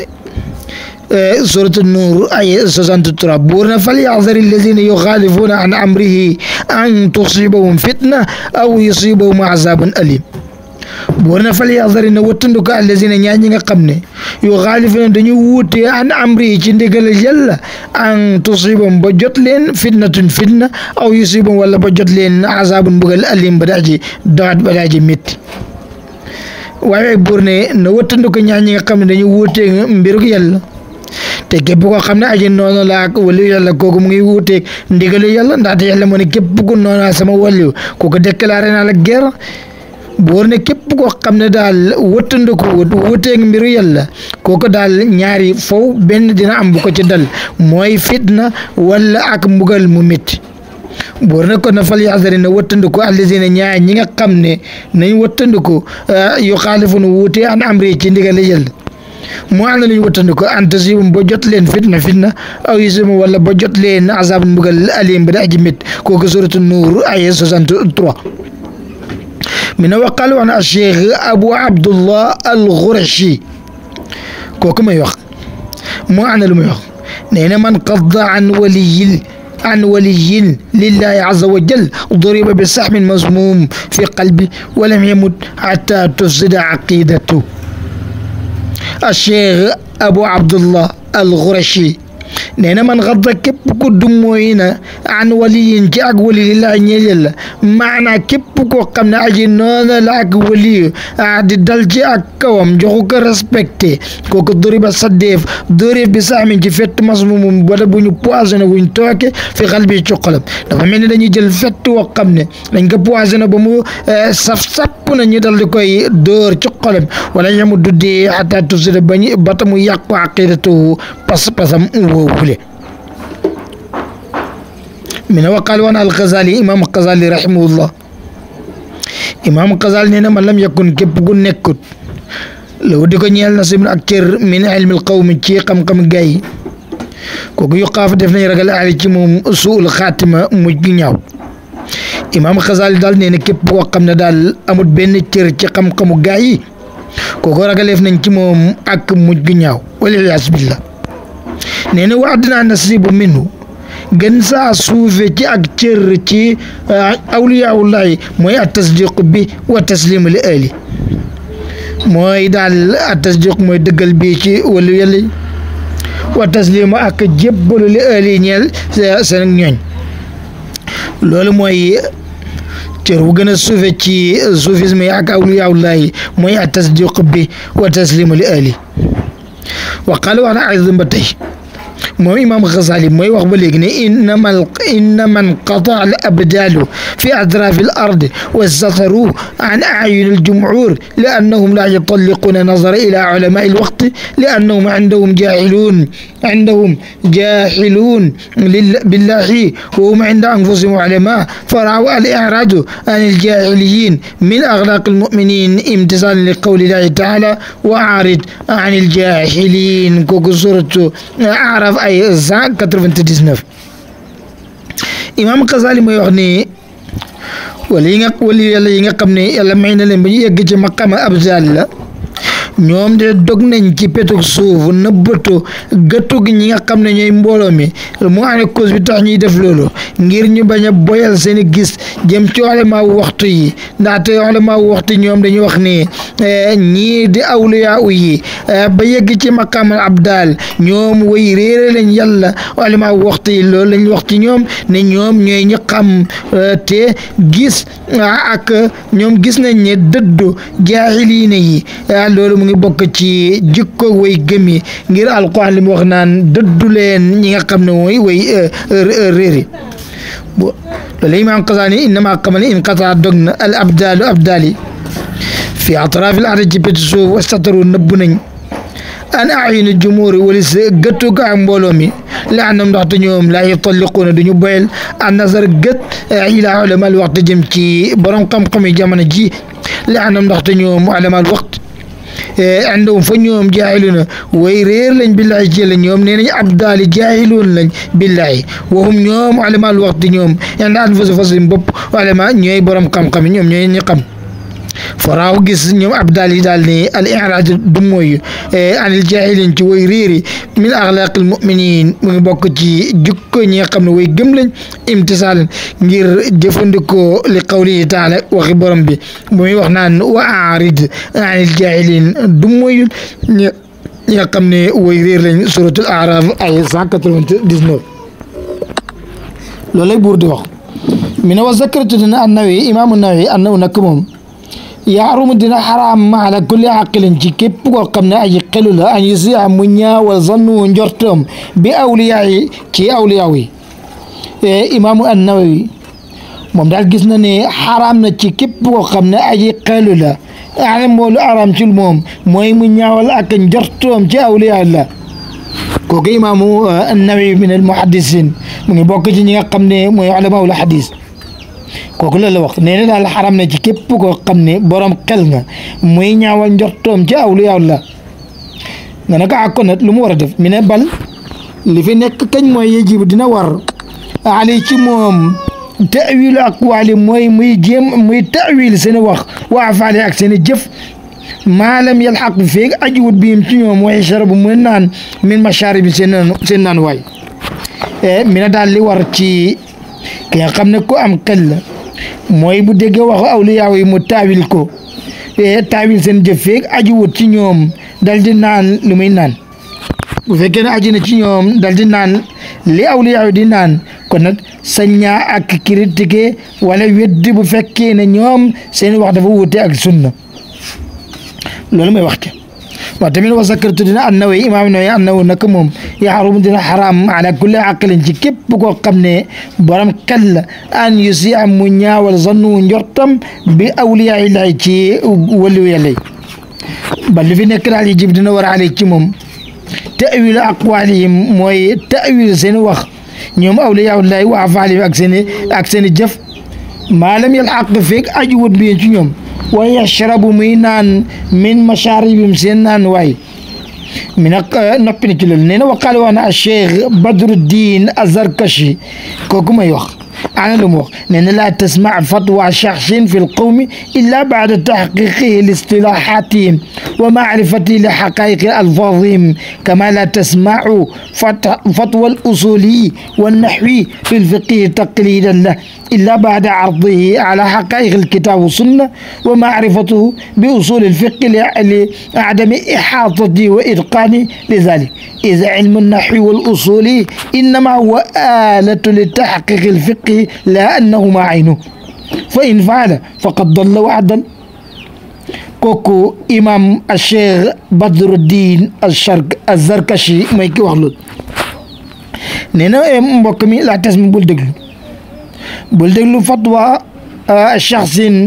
سورة النور أي 63 فليحذر الذين يخالفون عن أمره أن تصيبهم فتنة أو يصيبهم عذاب أليم boorna fal yaxdari na wattanduko allazina ñaa ñi nga xam ne yu xaalifuna dañu wuute an amri ci ndigal yàlla an tusibam ba jot leen fitnatun fitna aw yusibam wala ba jot leen azabun bugal alim ba daaji daat ba daaji métti waaye boor ne na wattanduko ñaa ñi nga xam ne dañu wuute mbiruk yàlla te képp ko xam ne aji noonu la ak waliyu yàlla kooku mu ngi wuuteeg ndigalu yàlla ndaxte yàlla moo ne képp ku noonaa sama waliyu kooku déclaré naa la guerre boor ne képp koo xam ne daal wëttandiku wuteeg mbiru yàlla kooku daal ñaari fow benn dina am bu ko ci dal mooy fitna wala ak mbugal mu métti boor ko na fal yaxdari na wëttandiku allazina ñaar ñi nga xam ne nañ wëttandiku ah, yu xaalifun wuute an amri ci ndigal yàlla mu am na lu ñu wattandiku an فتنة ba jot leen fitna fitna aw yusibu wala ba jot leen azab mbugal alim bi da aji mét kooku ay 63 من وقال عن الشيخ ابو عبد الله الغرشي كو ما يوخ مو انا لما يوخ نينا من قضى عن ولي عن ولي لله عز وجل ضرب بسحم مزموم في قلبي ولم يمت حتى تفسد عقيدته الشيخ أبو عبد الله الغرشي nee na man xadda képp ko dummooyi na an waliyin ci ak wali lillaahi ñeel yàlla maanaa képp koo xam ne aji noona la ak wali ah di dal ci ak kawam joxu ko respecté kooku duriba saddeef dóoréef bi saamin ci fett masmumum wala bu ñu poisonné wuñ tooke fi xal bi ci xolam dafa mel ni dañuy jël fett woo xam ne dañ ko poisonné ba mu saf-sapp na ñu dal di koy dóor ci xolam wala ñamu duddee xataa tufsida bañu bata mu yàqu aqidatuhu pas-pasam وولي من وقال وانا الغزالي امام الغزالي رحمه الله امام الغزالي نينا من لم يكن كيب كون نيكوت لو ديكو نيال نصيب اكثر من علم القوم تي قم قم جاي كوك يقاف دفني رجل علي تي موم سوء الخاتمه مج نياو امام الغزالي دال نينا كيب وقم دال امود بن تير تي قم قم جاي كوكو رجل اف نين تي موم اك مج نياو ولله بالله nee na wa adnaa nasibu minhu gën saa suufe ci ak cër ci eh, awliyaawullahi mooy at tasdiq bi wa taslimu li ahli mooy daal at tasdiq mooy dëggal bi ci wàllu yàlla wa taslimu ak jébbalu li ahli ñeel seen ñooñ loolu mooy cër wu gën a suufe ci soufisme yi ak awliyaawullahi mooy at tasdiq bi wa taslimu li ahli wa qaala wax na azim مو إمام غزالي مو وغبليقني إنما إنما انقطع الأبدال في أطراف الأرض والزطر عن أعين الجمهور لأنهم لا يطلقون نظر إلى علماء الوقت لأنهم عندهم جاهلون عندهم جاهلون بالله وهم عند أنفسهم علماء فرأوا الإعراض عن الجاهليين من أغلاق المؤمنين امتثالا لقول الله تعالى وأعرض عن الجاهلين كوكو أعرف ay cent quatre-vingt-dix-neuf imaam Xasaali mooy wax ni wala yi nga wala yàlla yi nga xam ne yàlla may na leen ba ñu yegg ci maqama abdal la ñoom de dog nañ ci petug suuf nëbbatu gëttug ñi nga xam ne ñooy mbooloo mi mu ane cause bi tax ñuy def loolu ngir ñu bañ a boyal seen i gis jëm ci ulamaa waxtu yi ndaxte ulamaa waxtu ñoom dañuy wax ni eh, ñii di awliyaa yi eh, ba yegg ci maqaamal abdaal ñoom way réere lañ yàlla ulamaa waxtu yi loolu lañ wax ci ñoom ne ñoom ñooy ñu xam eh, te gis ah, ak ñoom gis nañ ne dëddu jaahiliina yi ah, loolu ngi bokk ci jikko way gemi ngir alquran lim wax nan dëddu ñi nga xamne ne way réeri bo loolu imaam qazani inma xamal in qata dogna al abdal abdali fi atraf al ardi ci péti wastaru wastataru nañ an اعين الجمهور walis غتو كا مبولومي mbooloo mi la anam ndax te ñoom laa yutalliquuna duñu boyal an nazar gët ila ulama قمي جامنا جي ci borom xam-xam yi jamono عندهم فنيوم جاهلون ويرير لن بالله جل نيوم نين عبدال جاهلون لن بالله وهم نيوم ما الوقت نيوم يعني أنفسهم فصل بوب على ما نيوم برم قم قم نيوم نيوم قم فراو جس نيو عبدالي دالني الإعراج دموي إيه، عن الجاهلين جوي ريري من أغلاق المؤمنين من بوكتي جكو ني قمنا وي جملن امتسال نير جفندكو لقوله تعالى وخبرم بي بمي وخنان وعارد عن الجاهلين دموي ني قمنا وي رير لن سورة الأعراف أي سان كترون ديزنو لولي بورد وخ من وذكرت لنا النبي إمام النبي أنه نكمهم يا رومدنا حرام ما على كل عقل جيكيب وقمنا اي قلولة ان يزيع منيا وظنوا انجرتم بأولياء كي أولياوي إيه إمام النووي مم دال جسنا ني حرام نتي كيب وقمنا اي قلولة اعلم مولو عرام تل موم موي منيا والاك انجرتم جي أولياء الله كوكي إمام آه، النووي من المحدثين من بوكي جنيا قمنا موي علماء الحديث kooku la wax nee na daal xaram na ci képp koo xam ne borom xel nga muy ñaawal njortoom ci aw lu yàlla la nga ne ko ak kon nag lu mu war a def mi ne bal li fi nekk kañ mooy yejibu dina war ali ci moom tawilu ak waali mooy muy jéem muy tawil seen wax waa faale ak seen jëf maalam yalxaq bi feeg ajuwut biim ci ñoom mooy sharabu muy naan min mashaari bi seen naan seen naan waay mi ne daal li war ci ki nga xam ne ko am xel la mooy bu déggee waxu awliyaaw yi mu taawil ko eh, taawil seen jëf feeg wut ci ñoom dal di naan lu muy naan bu fekkee ne aji na ci ñoom dal di naan li awliyaaw di naan kon nag saññaa ak critiquer wala weddi bu fekkee ne ñoom seen wax dafa wuute ak sunna loolu mooy wax waaw tamit wa zakartu dina annawe imaam nawe annawu naka moom yaxarum dina xaraam ala kulli aqlin ci képp koo xam ne borom xel la an yusi am mu ñaawal zannu njortam bi awliyaa illahi ci waliyu yàlla ba li fi nekk daal yijib dina war ale ci moom ta'wilu aqwalihim mooy ta'wil seen wax ñoom awliyaa illahi wa afaalihim ak seen ak seen jëf maalam yalxaq feeg bi ci ñoom wa yashrabu muy naan min masharibim seen naan waay mi nag eh, noppi na ci loolu nee na waqaale wax na a cheikh badruddin azarkashi kooku may wax عن الأمور لأن لا تسمع فتوى شخص في القوم إلا بعد تحقيقه لاصطلاحاتهم ومعرفته لحقائق ألفاظهم كما لا تسمع فتوى الأصولي والنحوي في الفقه تقليدا له إلا بعد عرضه على حقائق الكتاب والسنة ومعرفته بأصول الفقه لعدم إحاطته وإتقانه لذلك إذا علم النحو والأصولي إنما هو آلة لتحقيق الفقه بنفسه لا أنهما عينه فإن فعل فقد ضل وعدا kooku imam cheikh badruddin achark azarkashi mooy ki wax loolu nee na eh, mbokk mi la tes mi bul déglu bul déglu fatwa euh, shakhsin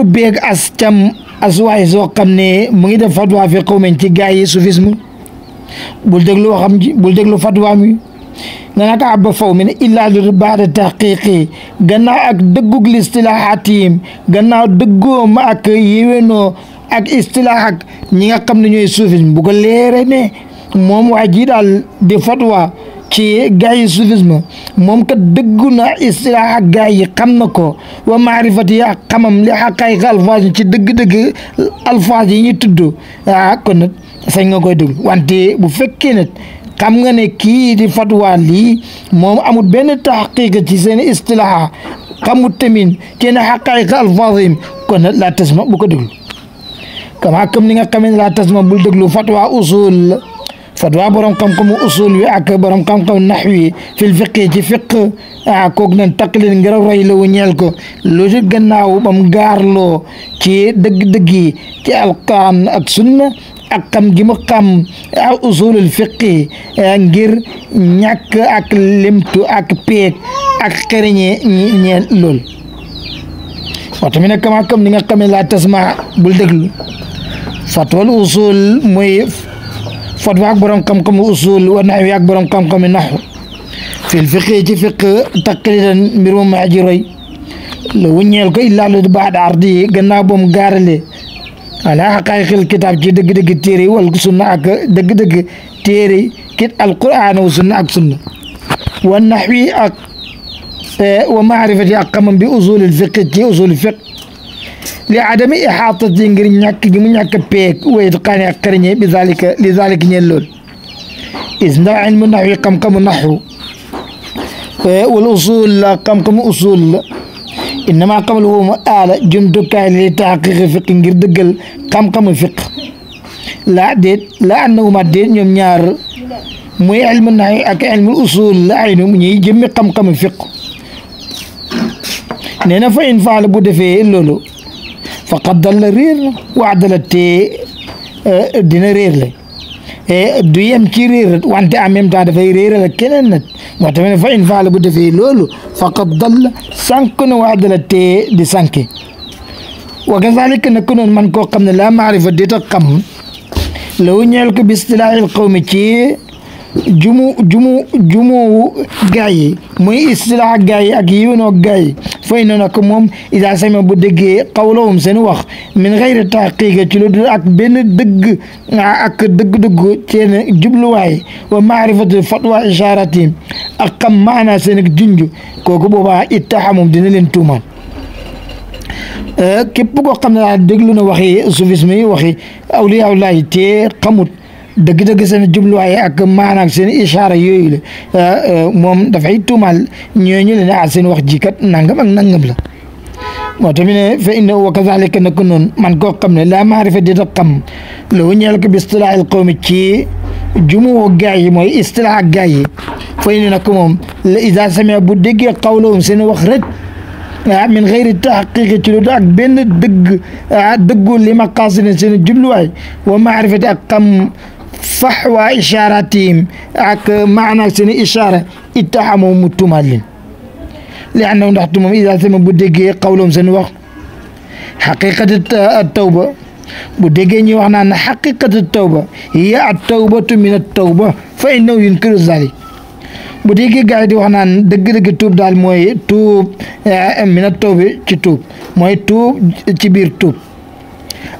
ubbeeg as cam as waay soo xam ne mu ngi def fatwa fi xaw men ci gars yi soufisme bul déglu waxam ji bul déglu fatwa mi dana ka abba faw mi ne illaa li baada taxqiqi gannaaw ak dëggug listilaaxaatihim gannaaw dëggoom ak yéwénoo ak istilaax ñi nga xam ne ñooy soufisme bu ko leere ne moom waa ji daal di fatwa ci gaa yi moom kat dëggu na istilaax ak yi xam na ko wa maarifati ak xamam li xaqaayiq alfaas alfaas yi ñuy tudd ah kon nag sañ nga koy déglu wante bu fekkee nag xam nga ne kii di fatwa lii moom amut benn taxaqiqa ci seen istilaha xamul tamit seen xaqaayiqa alfazim kon laa tasma bu ko déglu kama comme ni nga xamee ne laa tasma bul déglu fatwa usul fatwa borom xam-xamu usul wi ak borom xam-xam nax wi fil fiqi ci fiq a koog nan taqlil ngir roy la wu ñeel ko lu ci gannaaw bam gaarloo ci dëgg-dëgg yi ci alqaan ak sunna ak xam gi mu xam a usulul fiqi ngir ñàkk ak limtu ak peeg ak xereñe ñeel lool waxtu mi ne kama comme ni nga xamee laa tasma bul déglu fatwal usul mooy فتوى أكبر كم كم أصول ونحو أكبر كم كم النحو في الفقه يجي فقه تقريرا مروم معجري لو نيال كي لا بعد عرضي جنابهم قارلي على حقائق الكتاب جي دق دق تيري والسنة أك دق دق تيري كت القرآن والسنة أك سنة والنحو أك آه، ومعرفة أقام بأصول الفقه تي أصول الفقه لعدم إحاطة جنجر نيك نيك بيك ويتقان يقرني بذلك لذلك نيلول إذ نوع علم النحو كم كم النحو آه، والأصول قم كم أصول إنما قبله آل جندك لتحقيق فقه نجر دقل قم كم فقه لا ديت لا أنه ما ديت نيوم نيار موي علم النحو أك علم الأصول لا عينهم من يجمي قم كم فقه نينا فإن فعل بودفه لولو faqad dalla réer na waadala te euh, dina réer la eh, du yem ci réer wante en même temps dafay réeral ak keneen nag moo tamit fa in faala bu defee loolu faqad dalla sànq na waadala te di sànke wa kazalika nag noonu man koo xam ne laa maarifa di ta xam lawu ñeel ko bi istilaaxil qawmi ci jumu jumu jumu gaa yi muy istilaax gaa yi ak yiwinoo gaa yi فإننا كمهم إذا سمع بو دغي قولهم سن سنوخ من غير تحقيق تلود أك بن دغ أك دغ دغ تينا جبل واي ومعرفة فتوى إشارتهم أقم معنا سنك جنجو كوكو بوبا اتحمهم دينين تومان képp koo xam ne daal déglu na waxi soufisme yi waxi awliyaullahi dëgg-dëgg seen jubluwaay ak maanaam seen ishaara yooyu la euh, euh, moom dafay tuumaal ñooñu la ne ah seen wax ji kat nangam ak nangam la moo tamit ne fa inna wa kazalika nak noonu man koo xam ne laa maarifa di xam loolu ñeel ko bi istilaaxil qawmi ci jumuwoo gaa yi mooy istilaax ak gaa yi fay ne nag moom la iza samia bu déggee qawlahum seen wax rek ah min xëyri taxaqiqi ci lu ak benn dëgg ah dëggu li ma xaas ne seen jubluwaay wa maarifati ak xam faxwa isharatihim ak maanaam seen ishaara ittaxamoo mu tuumaal leen li annahu ndax tuumam idaa sama bu déggee qawlam seen wax xaqiqatu tawba bu déggee ñuy wax naan xaqiqatu tawba hiya at tawbatu min at tawba fa innahu yunkiru zalik bu déggee gars yi di wax naan dëgg-dëgg tuub daal mooy tuub min at tawbi ci tuub mooy tuub ci biir tuub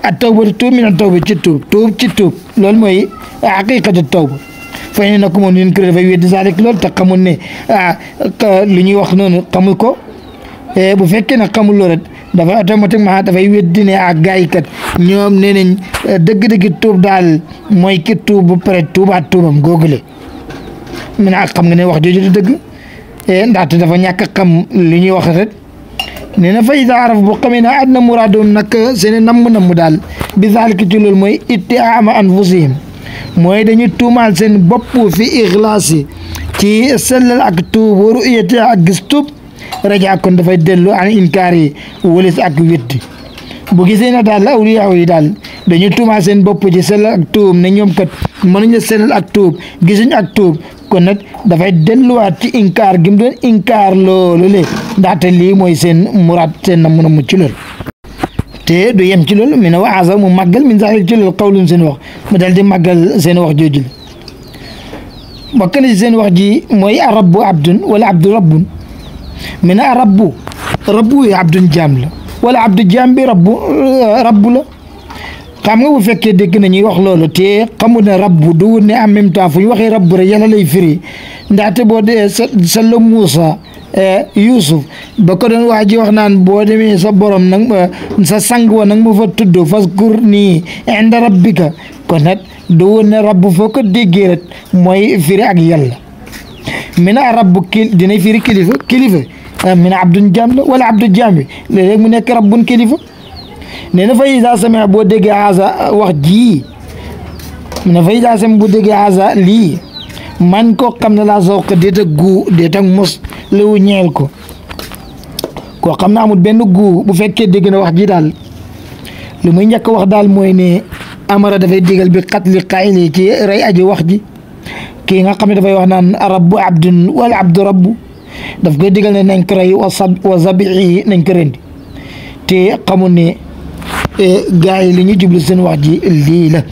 ak tawbatu tuub mi na tawba ci tuub tuub ci tuub loolu mooy xaqiqatu tawba fa ne nag moom yéen kër dafay weddi saa rek loolu te xamul ne ah lu ñuy wax noonu xamul ko eh, bu fekkee nag xamul loolu rek dafa automatiquement dafay weddi ne ak ah, gars ñoom nee nañ eh, dëgg tuub daal mooy ki tuub ba pare tuubaat tuubam googule mu ne ak ah, xam nga ne wax jooju du dëgg eh, ndaxte dafa ñàkk xam li ñuy wax rek. nee na fa ida araf boo xamee ne adna muraadum nag seeni namm namm daal bi zaalika ci loolu mooy ittihaama anfusihim mooy dañu tuumaal seen bopp fi ixlaasi ci sellal ak tuub wa ru'yati ak gis tuub kon dafay dellu an inkaari walis ak witti bu gisee na daal la awliyaaw yi daal dañu tuumaa seen bopp ci sellal ak tuub ne ñoom kat mënuñ la seen ak tuub gisuñ ak tuub kon nag dafay delluwaat ci inkaar gi mu doon inkaar loolu le ndaxte lii mooy seen muraad seen na mu a mucc lool te du yem ci loolu mi ne wa asa mu màggal min saalik ci loolu xawlum seen wax ma dal di màggal seen wax joojul bokk na ci wax ji mooy arabbu abdun wala abdu rabbun mi ne arabbu rabbu yi abdun jaam la wala abdu jaam bi rabbu rabbu la xam nga bu fekkee dégg nañuy wax loolu te xamu ne rabbu du ne en même temps fu ñu waxee rabbu rek yàlla lay firi ndaxte boo dee sa sa la Muusa eh, Yuusuf ba ko doon wax ji wax naan boo demee sa borom nag eh, sa sang wa nag mu fa tudd faskur nii inda rabbika kon nag du woon ne rabbu foo ko déggee mooy firi ak yàlla mina rabbu kil dina firi kilifa kilifa min abdun jaam la wala abdu jaam bi léeg-léeg mu nekk rabbun kilifa nee na fa idaa samia boo déggee haza wax ji mu ne fa idaa samia boo déggee haza lii man koo xam ne la sooq déet ak guu déet ak mos lawu ñeel ko koo xam ne amul benn gu bu fekkee dégg na wax ji daal lu muy njëkk wax daal mooy ne amara dafay digal bi xatli qaayili ci rey aji wax ji kii nga xam ne dafay wax naan rabbu abdun wala abdu rabbu daf koy digal ne nañ ko rey wa sab wa zabihi nañ ko rendi te xamul ne e, gars yi li ñu jublu seen wax ji lii la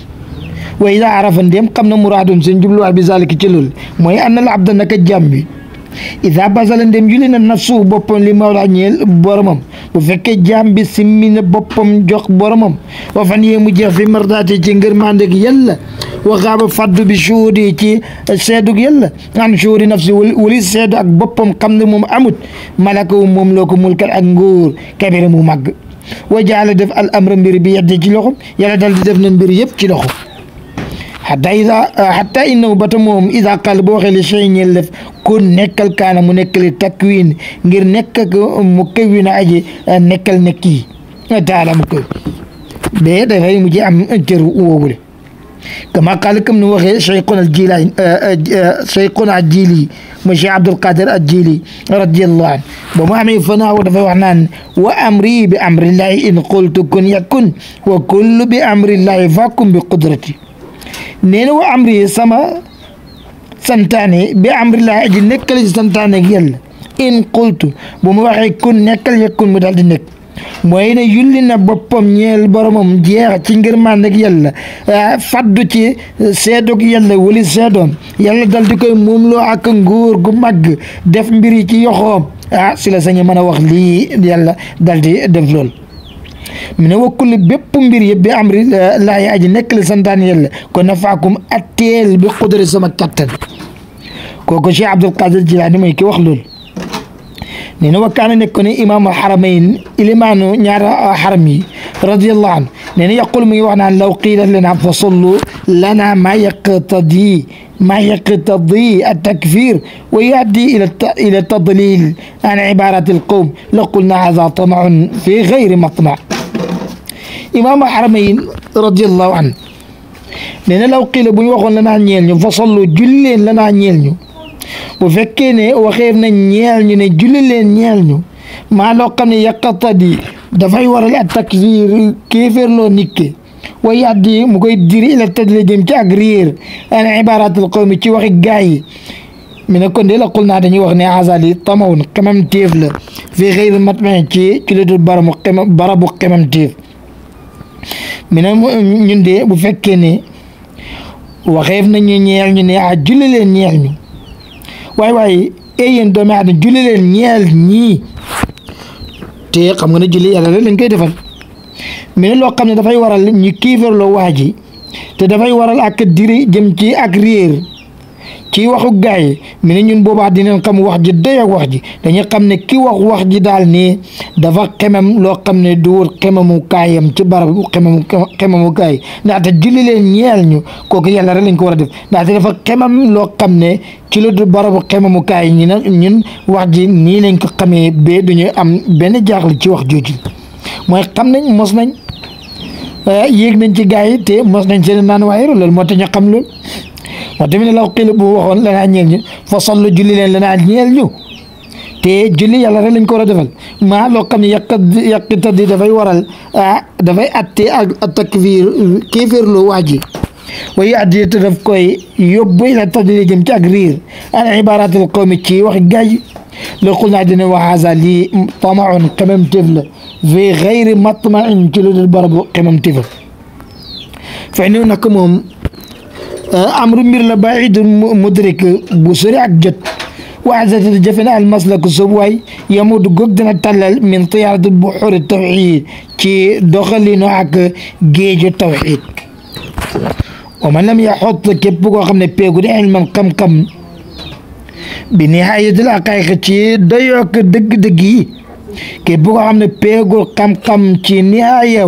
wa ida arafa ndéem xam na muraadum seen jubluwaay bi zalika ci loolu mooy an al abda naka jàmm bi ida basala ndéem julli na nafsu boppam li mawla ñeel boromam bu fekkee jaam bi simmi na boppam jox boromam wa fan yee mu jeex fi mardaate ci ngërmande gi yàlla وغاب فاد بشودي تي سيدو يلا نعم يعني شوري نفسي ولي سيدو اك بوبم قمد موم عمود ملكو موم لوكو ملك الانغور كبير مو مغ وجعل دف الامر مير بيد جي لوخم يلا دال دف نان مير ييب جي حتى اذا حتى انه بتموم اذا قال بوخي لشيء يلف كون نكل كان مو نكل تكوين غير نكك مكوين اجي نكل نكي دالمكو بيد هي مجي ام جرو وولي كما قال لكم نوغي شيخنا الجيلاني شيخنا الجيلي مشي عبد القادر الجيلي رضي الله عنه ومعمي فنا ونفوعنان وأمري بأمر الله إن قلت كن يكن وكل بأمر الله فاكم بقدرتي نين وأمري سما santaane bi amri laa aji nekkal ci santaane ak yàlla in qultu bu mu waxee kun nekkal yekkun mu daal di nekk mooy ne yulli na boppam ñeel boromam jeex ci ngir mànd ak yàlla ah, faddu ci eh, seedug yàlla wali seedoom yàlla dal di koy moom ak nguur gu màgg def mbir yi ci yoxoom ah si la sañu mën wax lii yàlla dal di def lool mu ne wakkul bépp mbir yëpp bi amri eh, laay aji nekk la santaan yàlla kon na faakum atteel bi xudari sama kattan kooku Cheikh Abdul Qadir Jilaani mooy ki wax loolu neena wa kaana nekkoon ne imaamul xaramayn ilimaanu ñaar xaram yi radiallahu anhu neena yaqul mi ngi wax naan law qiila lana fa sallu lana ma yaqtadi ما يقتضي التكفير ويؤدي إلى إلى التضليل عن عبارة القوم لقلنا هذا طمع في غير مطمع إمام الحرمين رضي الله عنه لأن لو قيل بني وقل لنا نيل فصلوا جلين لنا نيل bu fekkee ne waxeef na ñeel ñu ne julli leen ñeel ñu maa loo xam ne yaqatadi dafay waral ak takfir kéeféerloo nit ki way addi mu koy diri ila tadli jëm ci ak riir an ibaratul qawmi ci waxi gaa yi mi ne kon de la naa dañuy wax ne azali tamawun xemam téef la fii xëyri matmain ci ci ludul baramu barabu xemam téef mi ne ñun de bu fekkee ne waxeef nañu ñeel ñu ne a julli leen ñeel ñu waaye waaye ee eh, yéen doomi aadama julli leen ñeel ñii te xam nga ne julli yàlla rek lañ koy defal mais loo xam ne dafay waral ñi kiifarloo waa ji te dafay waral ak diri jëm ci ak réer ci waxu gaay yi mi ne ñun boobaa dinañ xam wax ji day wax ji dañu xam ne ki wax wax ji daal nii dafa xemam loo xam ne du wër xemamu kaayam ci barab xemamu xemamu kaay ndaxte julli leen ñeel ñu kooku yàlla rek lañ ko war a def ndaxte dafa xemam loo xam ne ci lu barabu xemamu yi ñi nag ñun wax ji nii lañ ko xamee ba duñu am benn jaaxle ci wax jooju mooy xam nañ mos nañ eh, yéeg nañ ci gaa yi te mos nañ seen naan waaye loolu moo tax ñu xam loolu ادمين لو قلب هو لا نيل فصلوا جلي لين لا نيل ني تي جلي يلا رلن كورا دفل ما لو كم يقد يقد تدي دفاي ورال دفاي اتي التكفير كفر لو واجي وهي عدية تدفكوي يبوي لا تدري جم تقرير العبارات القومي آه، أمر مير لبعيد مدرك بسرعة جد وعزت الجفن المسلك السبوي يمود قدنا تلل من طيارة بحور التوحيد كي دخل نوعك جيج التوحيد ومن لم يحط كبوكو خمنا بيقول علما كم كم بنهاية الحقائق كي ديوك دق دقي كبوكو خمنا بيقول كم كم كي نهاية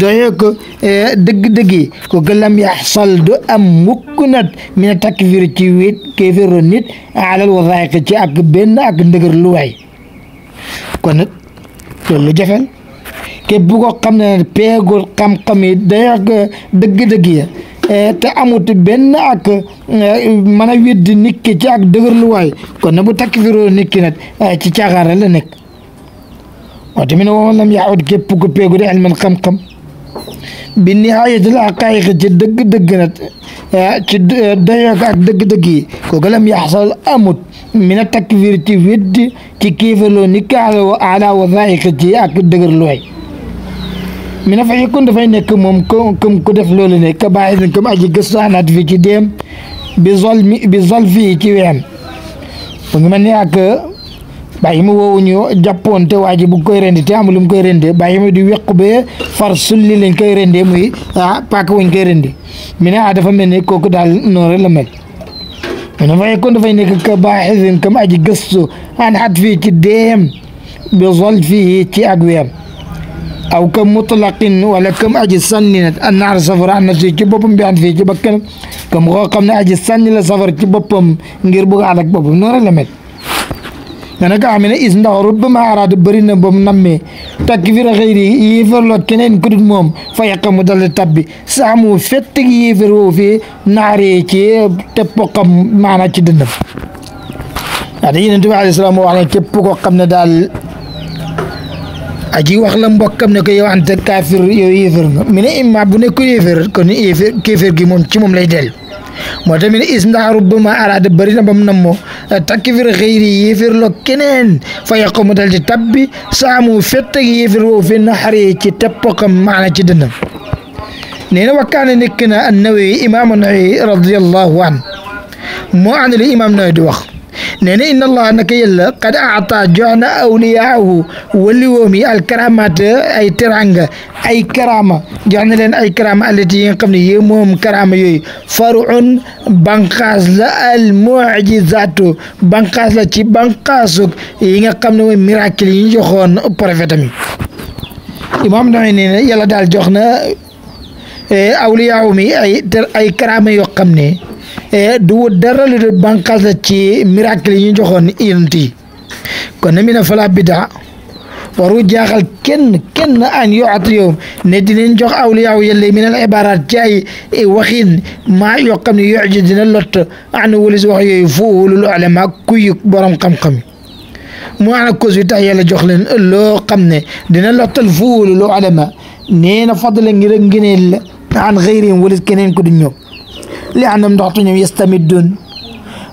doyee ko e, dëgg-dëgg yi ko gëlam yaxsal du am mukk nat mina takfir ci wéet kéeféro nit alal wasaiqa ci ak benn ak ndëgër luwaay kon nag loolu la jafel képp ko xam ne nag peegul xam-xam yi dayoo ak dëgg-dëgg ya e, te amut benn ak e, mën a weddi nit ki ci ak dëgër luwaay kon nag bu takfiroo nit ki nag ci caaxaan la nekk waaye tamit ne woon lam yaxut képp ko peegu di ilman xam-xam bi nihayatil xaqaayiq ci dëgg-dëgg nag eh, ci eh, dayoo ak dëgg-dëgg yi kooku lam yaxsal amut min a takfir ci weddi ci kiifaloo ni kaaxloo ala wasaayiq ci ak dëgër looy mi na faxe kon dafay nekk moom comme ku def loolu ne ka baaxi na comme aji gëstu anaat fii ci déem bi zol mi bi zol fii ci weem mu ngi mel bàyyi ma woowuñu jàppoonte waa ji bu koy rendi te amul koy rendee bàyyi ma di wequ bee far sulli lañ koy rendee mu ah paaka wuñ koy rendi mi ne ah dafa mel ni kooku daal noonu rek la mel mu ne fay kon dafay nekk ka baaxisin kam aji gëstu an at fii ci deem bi zol fii ci wala kam aji sànni na an ci boppam bi an fii ci bakkanam kam koo xam ne aji la safar ci boppam ngir bëgg àll ak boppam nga xam ne is ndax rubbama araada bëri na ba mu nammee takfira xëyri yéefarloot keneen ku dul moom fa yàq mu dal tabbi saamu fett gi yéefar woowu fii naaree ci te poqam maanaam ci dëndam waa da yonent bi alayhi wax ne képp koo xam ne daal aji wax la mbokkam ne ko yow anta kaafir yow yéefar gi moom ci moom lay dellu moo tamit is ndax rubbama araada bëri na ba mu nammoo takfir xëyri yéefirloo keneen fa yaqo mu dal di tabbi saamu fetteg yéefir woowu fi naxari ci teppokam maana ci dëndam nee na wakkaane nekk na an nawawi imaamu nawawi radiyallahu an moo àndale imaam nawawi di wax نن إن الله أنك يلا قد أعطى جانا أولياءه واليومي الكرامات أي ترانغ أي كرامة جانا لن أي كرامة التي ينقمني يومهم كرامة يوي فرع بنقاس لا المعجزات بنقاس لا تي بنقاسك ينقمني ميراكل ينجخون برفتامي إمام نعيني يلا دال جوخنا أولياءه مي أي, أي كرامة يقمني E du wut dara lu dul bànqaas la ci miracle yi joxoon yonent yi kon na mi ne falaa bida waru jaaxal kenn kenn an yoxat yow ne dinañ jox awliyaaw yàlla min al ibarat ci ay e waxin maa yoo xam ne yoxji dina lot an walis wax yooyu foofu lulu ulama borom xam-xam mu ana cause bi tax yàlla jox leen loo xam ne dina lottal foofu lulu ulama nee na fadla ngi an xëyrin walis keneen ko du li anam doxtuñu yastamidduun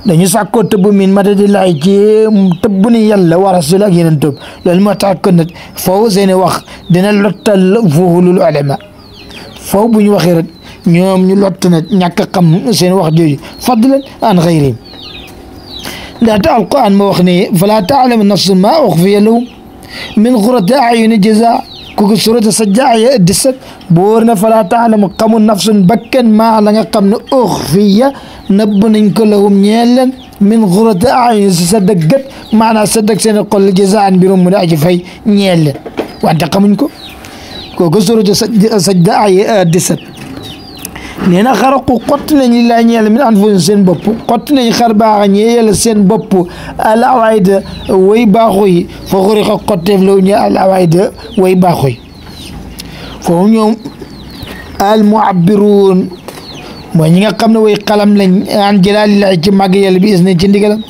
dañu sàkkoo tëbb min madadillahi ci tëbb ni yàlla wa rasul ak yeneen tëb loolu moo tax kon nag foofu seeni wax dina lottal fuhulul ulama foofu bu ñu waxee rek ñoom ñu lott nag ñàkk xam seen wax jooju fadlan an xayrihim ndaxte alquran ma wax ne fala taalamu nafsun ma uxfiya lahum min xurati ayuni jazaa ku ko surata sajja aya dix-sept boor na falaa taalamu xamu nafsun bakken maa la nga xam ne uxfiya nëbb nañ ko lahum ñeel min xurati ayun si sa dëggat maanaam sa dëgg seen xol jazaan mbirum mu ne aji fay ñeel leen wante xamuñ ko kooku surata sajja aya dix nee na xar ku xott nañ li laa ñeel min anfusihim seen bopp xott nañ xar baax ñeel seen bopp al awayda way baaxu yi fa xuriqa xotteef law ñe al awayda way baaxu yi foofu ñoom al muabbiruun mooy ñi nga xam ne way xalam lañ an jëlaalilaay ci màgg yàlla bi is nañ ci ndigalam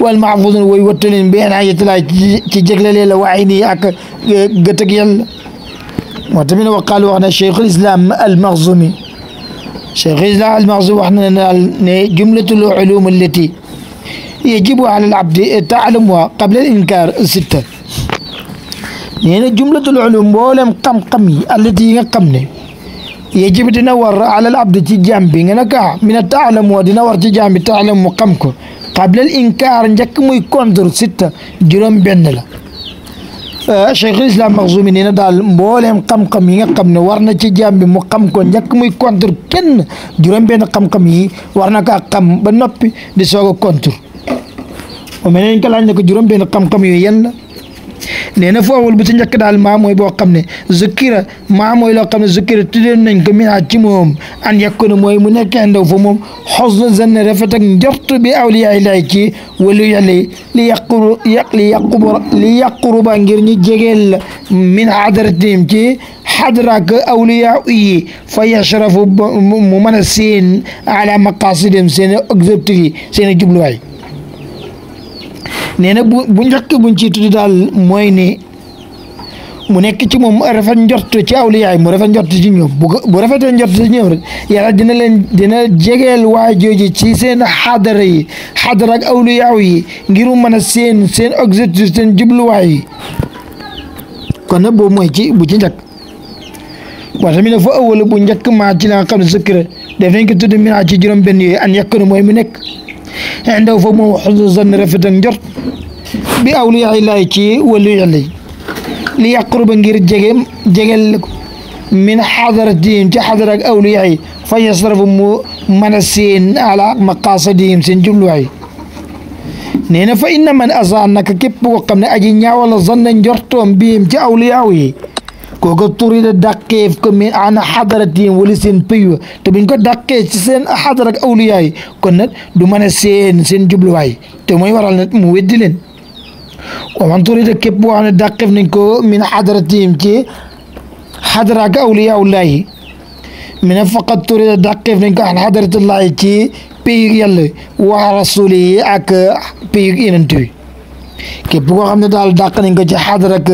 wal mahfusun way wattu leen bi inaayatilaa ci jéglalee la waay nii ak gëtëg yàlla moo tamit waqaal wax na cheikhul islam al maxzumi سيغيزنا المغزو احنا جملة العلوم التي يجب على العبد تعلمها قبل الإنكار الستة يعني جملة العلوم بولم قم قمي التي قمني يجب تنور على العبد تجنبي من التعلم ودنور تجنبي تعلم قمكو قبل الإنكار نجك مو يكون ستة جرم بيننا Euh, Cheikh Islam Maxzumi nee na daal mbooleem xam-xam yi nga xam ne war na ci jaam bi mu xam ko njëkk muy contre kenn juróom-benn xam-xam yi war na kaa xam ba noppi di soog a contre mu mel ne ñu ko laaj ne ko juróom-benn xam-xam yooyu yan la nee na fooful bu ci njëkk daal maa mooy boo xam ne zukkira maa mooy loo xam ne zukkira tuddeen nañ ko min ci moom an yakuna mooy mu nekk ndaw fa moom xosnu zann rafet ak njort bi awliya ilaahi ci walu yàlla yi li yaquru li yaqubur li yaquruba ngir ñu jegeel min xadaratihim ci xadraak awliya yi fa yashrafu mu mën a seen ala maqasidim seen objectif yi seen jubluwaay nee na bu bu njëkk buñ ciy tudd daal mooy ne mu nekk ci moom rafet njort ci awliyaay mu rafet njort ci ñoom bu bu rafetee njort ci ñoom rek yàlla dina leen dina jegeel waa jooju ci seen xadara yi xadara ak awliyaaw yi ngir mën a seen seen objectif seen jubluwaay yi kon nag boobu mooy ci bu ci njëkk waaw tamit ne fa awala bu njëkk maa ci la a xam ne secret def nañ ko tudd ci juróom benn yooyu an yàkkanu mooy mu nekk indaw fa moom xusnu zanni rafet ak njort bi awliyaillaahi ci wàllu yàlla yi li yaqruba ngir jege jegel ko min xadaratihim ci xadara ak awliyaa yi fa yasrafu mu mën a seen ala maqaasadihim seen jubluwaay nee na fa inna man asa naka képp koo xam ne aji ñaawal zanna njortoom biim ci awliyaaw yi كوكو توري دكيف كمي أنا حضرتين ولسين بيو تبين كو دكيف سين حضرك أولياي كنت دومان سين سين جبلواي تموي ورالنت مويدلين ومن تريد كيف وانا دقف نكو من حضرتهم كي حضرك أولياء الله من فقط تريد دقف نكو عن حضرة الله كي بيغ يلي ورسوله أك بيغ إننتوي كيف وانا دقف نكو حضرك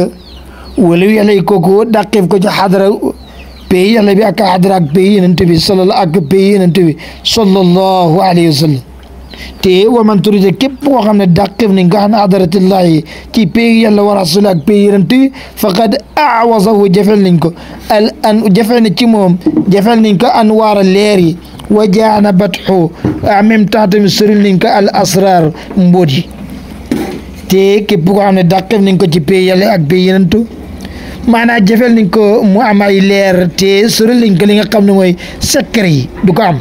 ولوي كوكو دقيف كوجا حضر بي أنا بيك حضرك بي ننتبه صلى الله أك بي ننتبه صلى الله عليه وسلم تي ومن تريد كيب وغم ندقف ننقحن حضرة الله تي بي يلا ورسولك بي ننتبه فقد أعوزه جفل ننكو الأن جفل نتمهم جفل ننكو أنوار الليري وجعنا بتحو أعمم تحت مسرين ننكو الأسرار مبودي تي képp ko xam ne dàqeef nañ ko ci pay yàlla ak maanaam jafel nañ ko mu am ay leer te soril nañ ko li nga xam ne mooy secret yi du ko am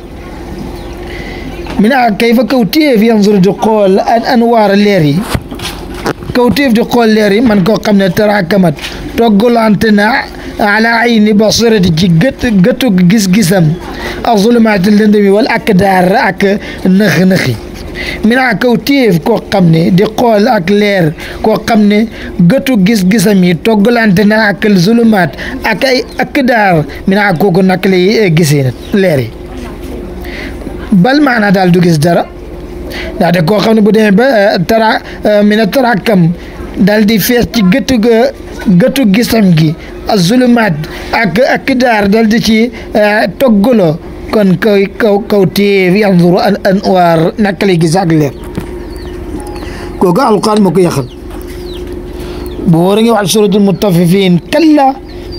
mi naa kayfa kawteef yanzur di xool an anwaar leer yi kawteef di xool leer yi man koo xam ne taraakamat toggalante na ala ayni basirati ci gët gëtug gis-gisam ak zulumaati lëndëm yi wala ak daar ak nëx-nëxi minaa kaw téef koo xam ne di xool ak leer koo xam ne gëtu gis-gisam yi toggalante na ak zulumaat ak ay ak daar minaa kooku nak lay gisee leer yi bal maanaa daal du gis dara ndaxte koo xam ne bu demee ba eh, tara eh, taraakam daal di fees ci gëtu gisam gi ak zulumaat ak ak daar daal di ci eh, toggaloo كون كو كو كو تيف ينظر الانوار نكلي كزاكل كو كاع القان مو كيخل بورني وعشرة المطففين كلا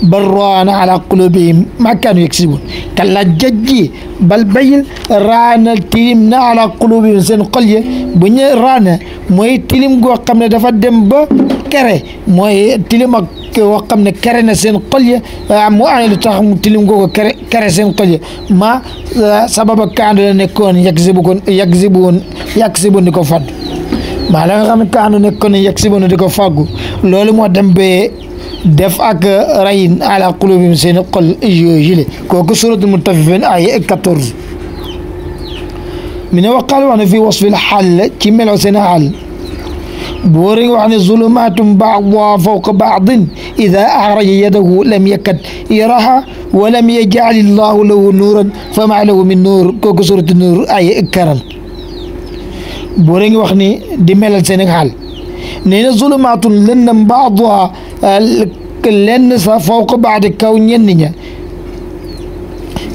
بران على قلوبهم ما كانوا يكسبون كلا ججي بل بين رانا التيم على قلوبهم سن قلية بني ران موي تيلم قوة قمنا دفا دمبا كره موي تيلم وقمنا كرنسين قلية عم وعن لتهم تلمجو كرنسين قلية ما آه، سبب كان نكون يكذبون يكذبون يكذبون نكفان ما لا غم كان نكون يكذبون نكفاجو لول مو دم def ak rayin ala qulubim seen xol yooyu le kooku suratul mutaffifin ay 14 من وقال وانا في وصف الحل wasfil xal حل بورين عن الظلمات بعض فوق بعض إذا أعرج يده لم يكد يراها ولم يجعل الله له نورا فما له من نور كوكو سورة النور أي كرل بورين وخني دي السنغال نين الظلمات لن بعضها لن فوق بعض كون ينين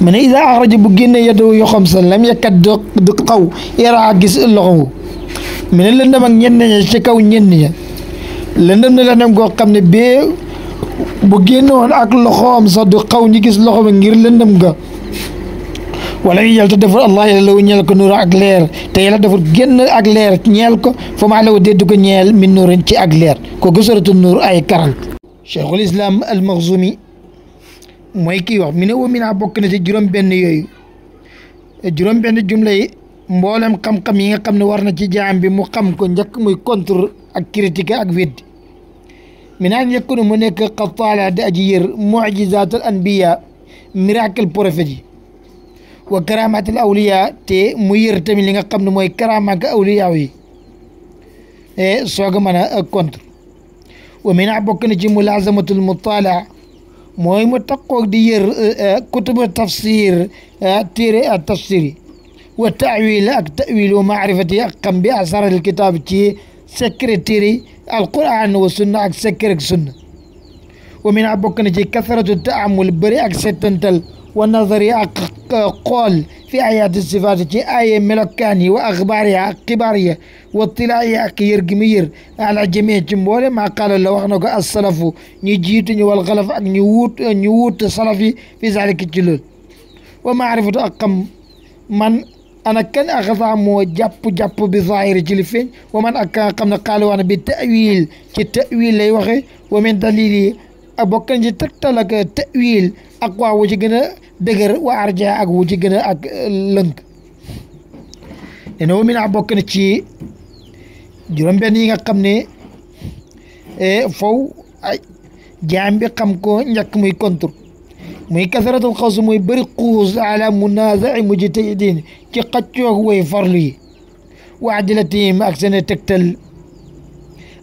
من إذا أعرج بقين يده يخمسا لم يكد دقو يراها قس اللغو mi ne lëndëm ak ñenn ña ci kaw ñenn ña lëndëm na lëndëm goo xam ne bee bu génnoon ak loxoom sax du xaw ñi gis loxoom ngir lëndëm ga wala yu yàlla te deful allah yàlla lawu ñeel ko nuur ak leer te yàlla deful génn ak leer ñeel ko fa maa lawu déddu ko ñeel min nuurin ci ak leer ko gësoratu nuur ay karan cheikhul islam al maxzumi mooy kii wax mi ne bokk na ci juróom benn yooyu juróom benn mboolem xam-xam yi nga xam ne war na ci jaam bi mu xam ko njëkk muy contre ak critique ak wedd weddi minaan yëkkunu mu nekk xafaala di aji yër mujizat al anbiya miracle prophète yi wa al awliya te mu yër tamit li nga xam ne mooy karamaka awliya yi e soog a mën a contre wa minaa bokk na ci mulazamatul mutala mooy mu taqoog di yër kutubu tafsir téere tafsir yi والتأويل أك تأويل معرفتي أقم بأسرار الكتاب تي سكرتيري القرآن والسنة أك سكرك سنة ومن أبوك نجي كثرة التعامل بري أك ستنتل والنظري قول في آيات الصفات آية ملكاني وأخبارها قبارية واطلاعي أكير جمير على جميع جمهور ما قال الله وحنا السلف نجيت والغلف نيوت نيوت صلفي في ذلك الجلول ومعرفة أقم من ana kan axasa moo jàpp-jàpp bi zahir ci li feeñ wa man ak ka nga xam bi tawil ci tawil lay waxe wa min dalil ci tegtal ak tawil ak wu ci gën a dëgër wa arja ak wu ci gën a ak lëng dena wa min a bokk na ci juróom yi nga xam ne eh, faw jaam bi xam ko njëkk muy contre مي كثرة الخصم وبرقوز على منازع مجتهدين كي قد هو يفرلي وعدلتهم أكسنة تقتل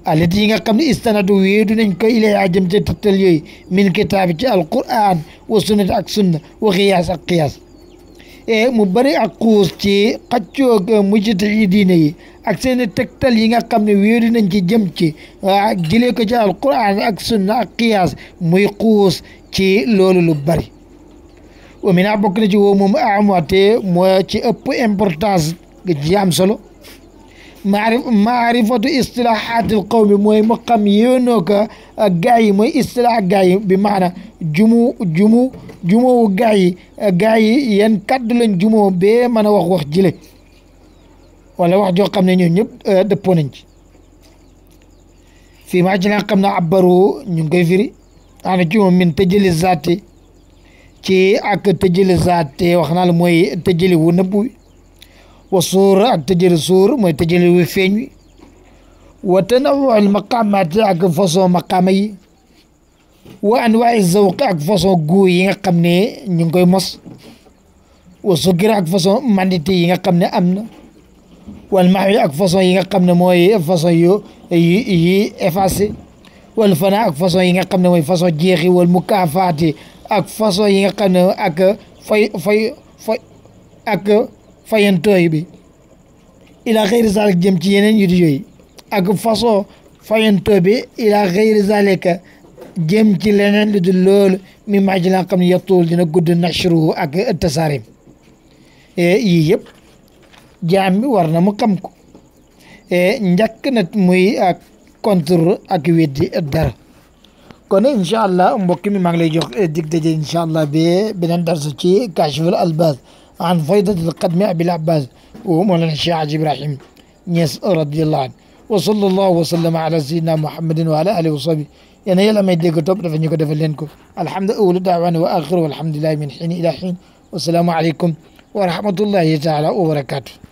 التي قبل استندوا ويدو ننك إلى عجم تتلي من كتابة القرآن وسنة أكسنة وقياس القياس E mu bëri ak xuus ci xaccoog mujjit yi diine yi ak seen i tegtal yi nga xam ne wéeru nañ ci jëm ci jëlee ko ci alquran ak sunna ak qiyaas muy xuus ci loolu lu bëri wa mina bokk na ci woo moom amate moo ci ëpp importance ji am solo maarif maarifatu istilahaatil qawmi mooy mu xam yéenoo ko gaa yi mooy istilah gaa bi maana jumu jumu jumowu gaa yi gaa yi yan kàddu lañ jumoo bee mën wax wax jile wala wax joo xam ne ñoom ñëpp euh, dëppoo nañ ci fii maa ci xam ne abbaru ñu ngi koy firi ana ci moom min tëjëli ci ak tëjëli zaate wax naa la mooy tëjëli wu nëbbu وصورة عن تجل صورة ما تجل وفيني وتنوع المقام تاعك فصو مقامي وانواع الزوق تاعك فصو قوي قمني نينكو مص وسكر تاعك فصو مانيتي قمنا امن والمحي تاعك فصو قمنا موي فصو يو اي اي افاسي والفناء تاعك فصو قمنا موي فصو جيخي والمكافات تاعك فصو قمنا اك فاي فاي فاي اك fayantooy bi ila xëyri zalik jëm ci yeneen yu di yooyu ak façon fayantoo bi ila xëyri zalika jëm ci leneen lu dul loolu mi maa ji laa xam ne yettuwul dina gudd nashru ak tasaarim e, yii yëpp jaam bi war na mu xam ko e, nag muy ak contre ak weddi dara kon incha allah mbokk mi maa ngi lay jox eh, dig daje incha allah bi beneen darsu ci kashful albas عن فيضة القدماء أبي العباس الشيعة إبراهيم عجيب رحيم نيس رضي الله عنه وصلى الله وسلم على سيدنا محمد وعلى آله وصحبه يعني يلا ما يديك تبرف أن يكون فلينكم الحمد أول دعوان وآخر والحمد لله من حين إلى حين والسلام عليكم ورحمة الله تعالى وبركاته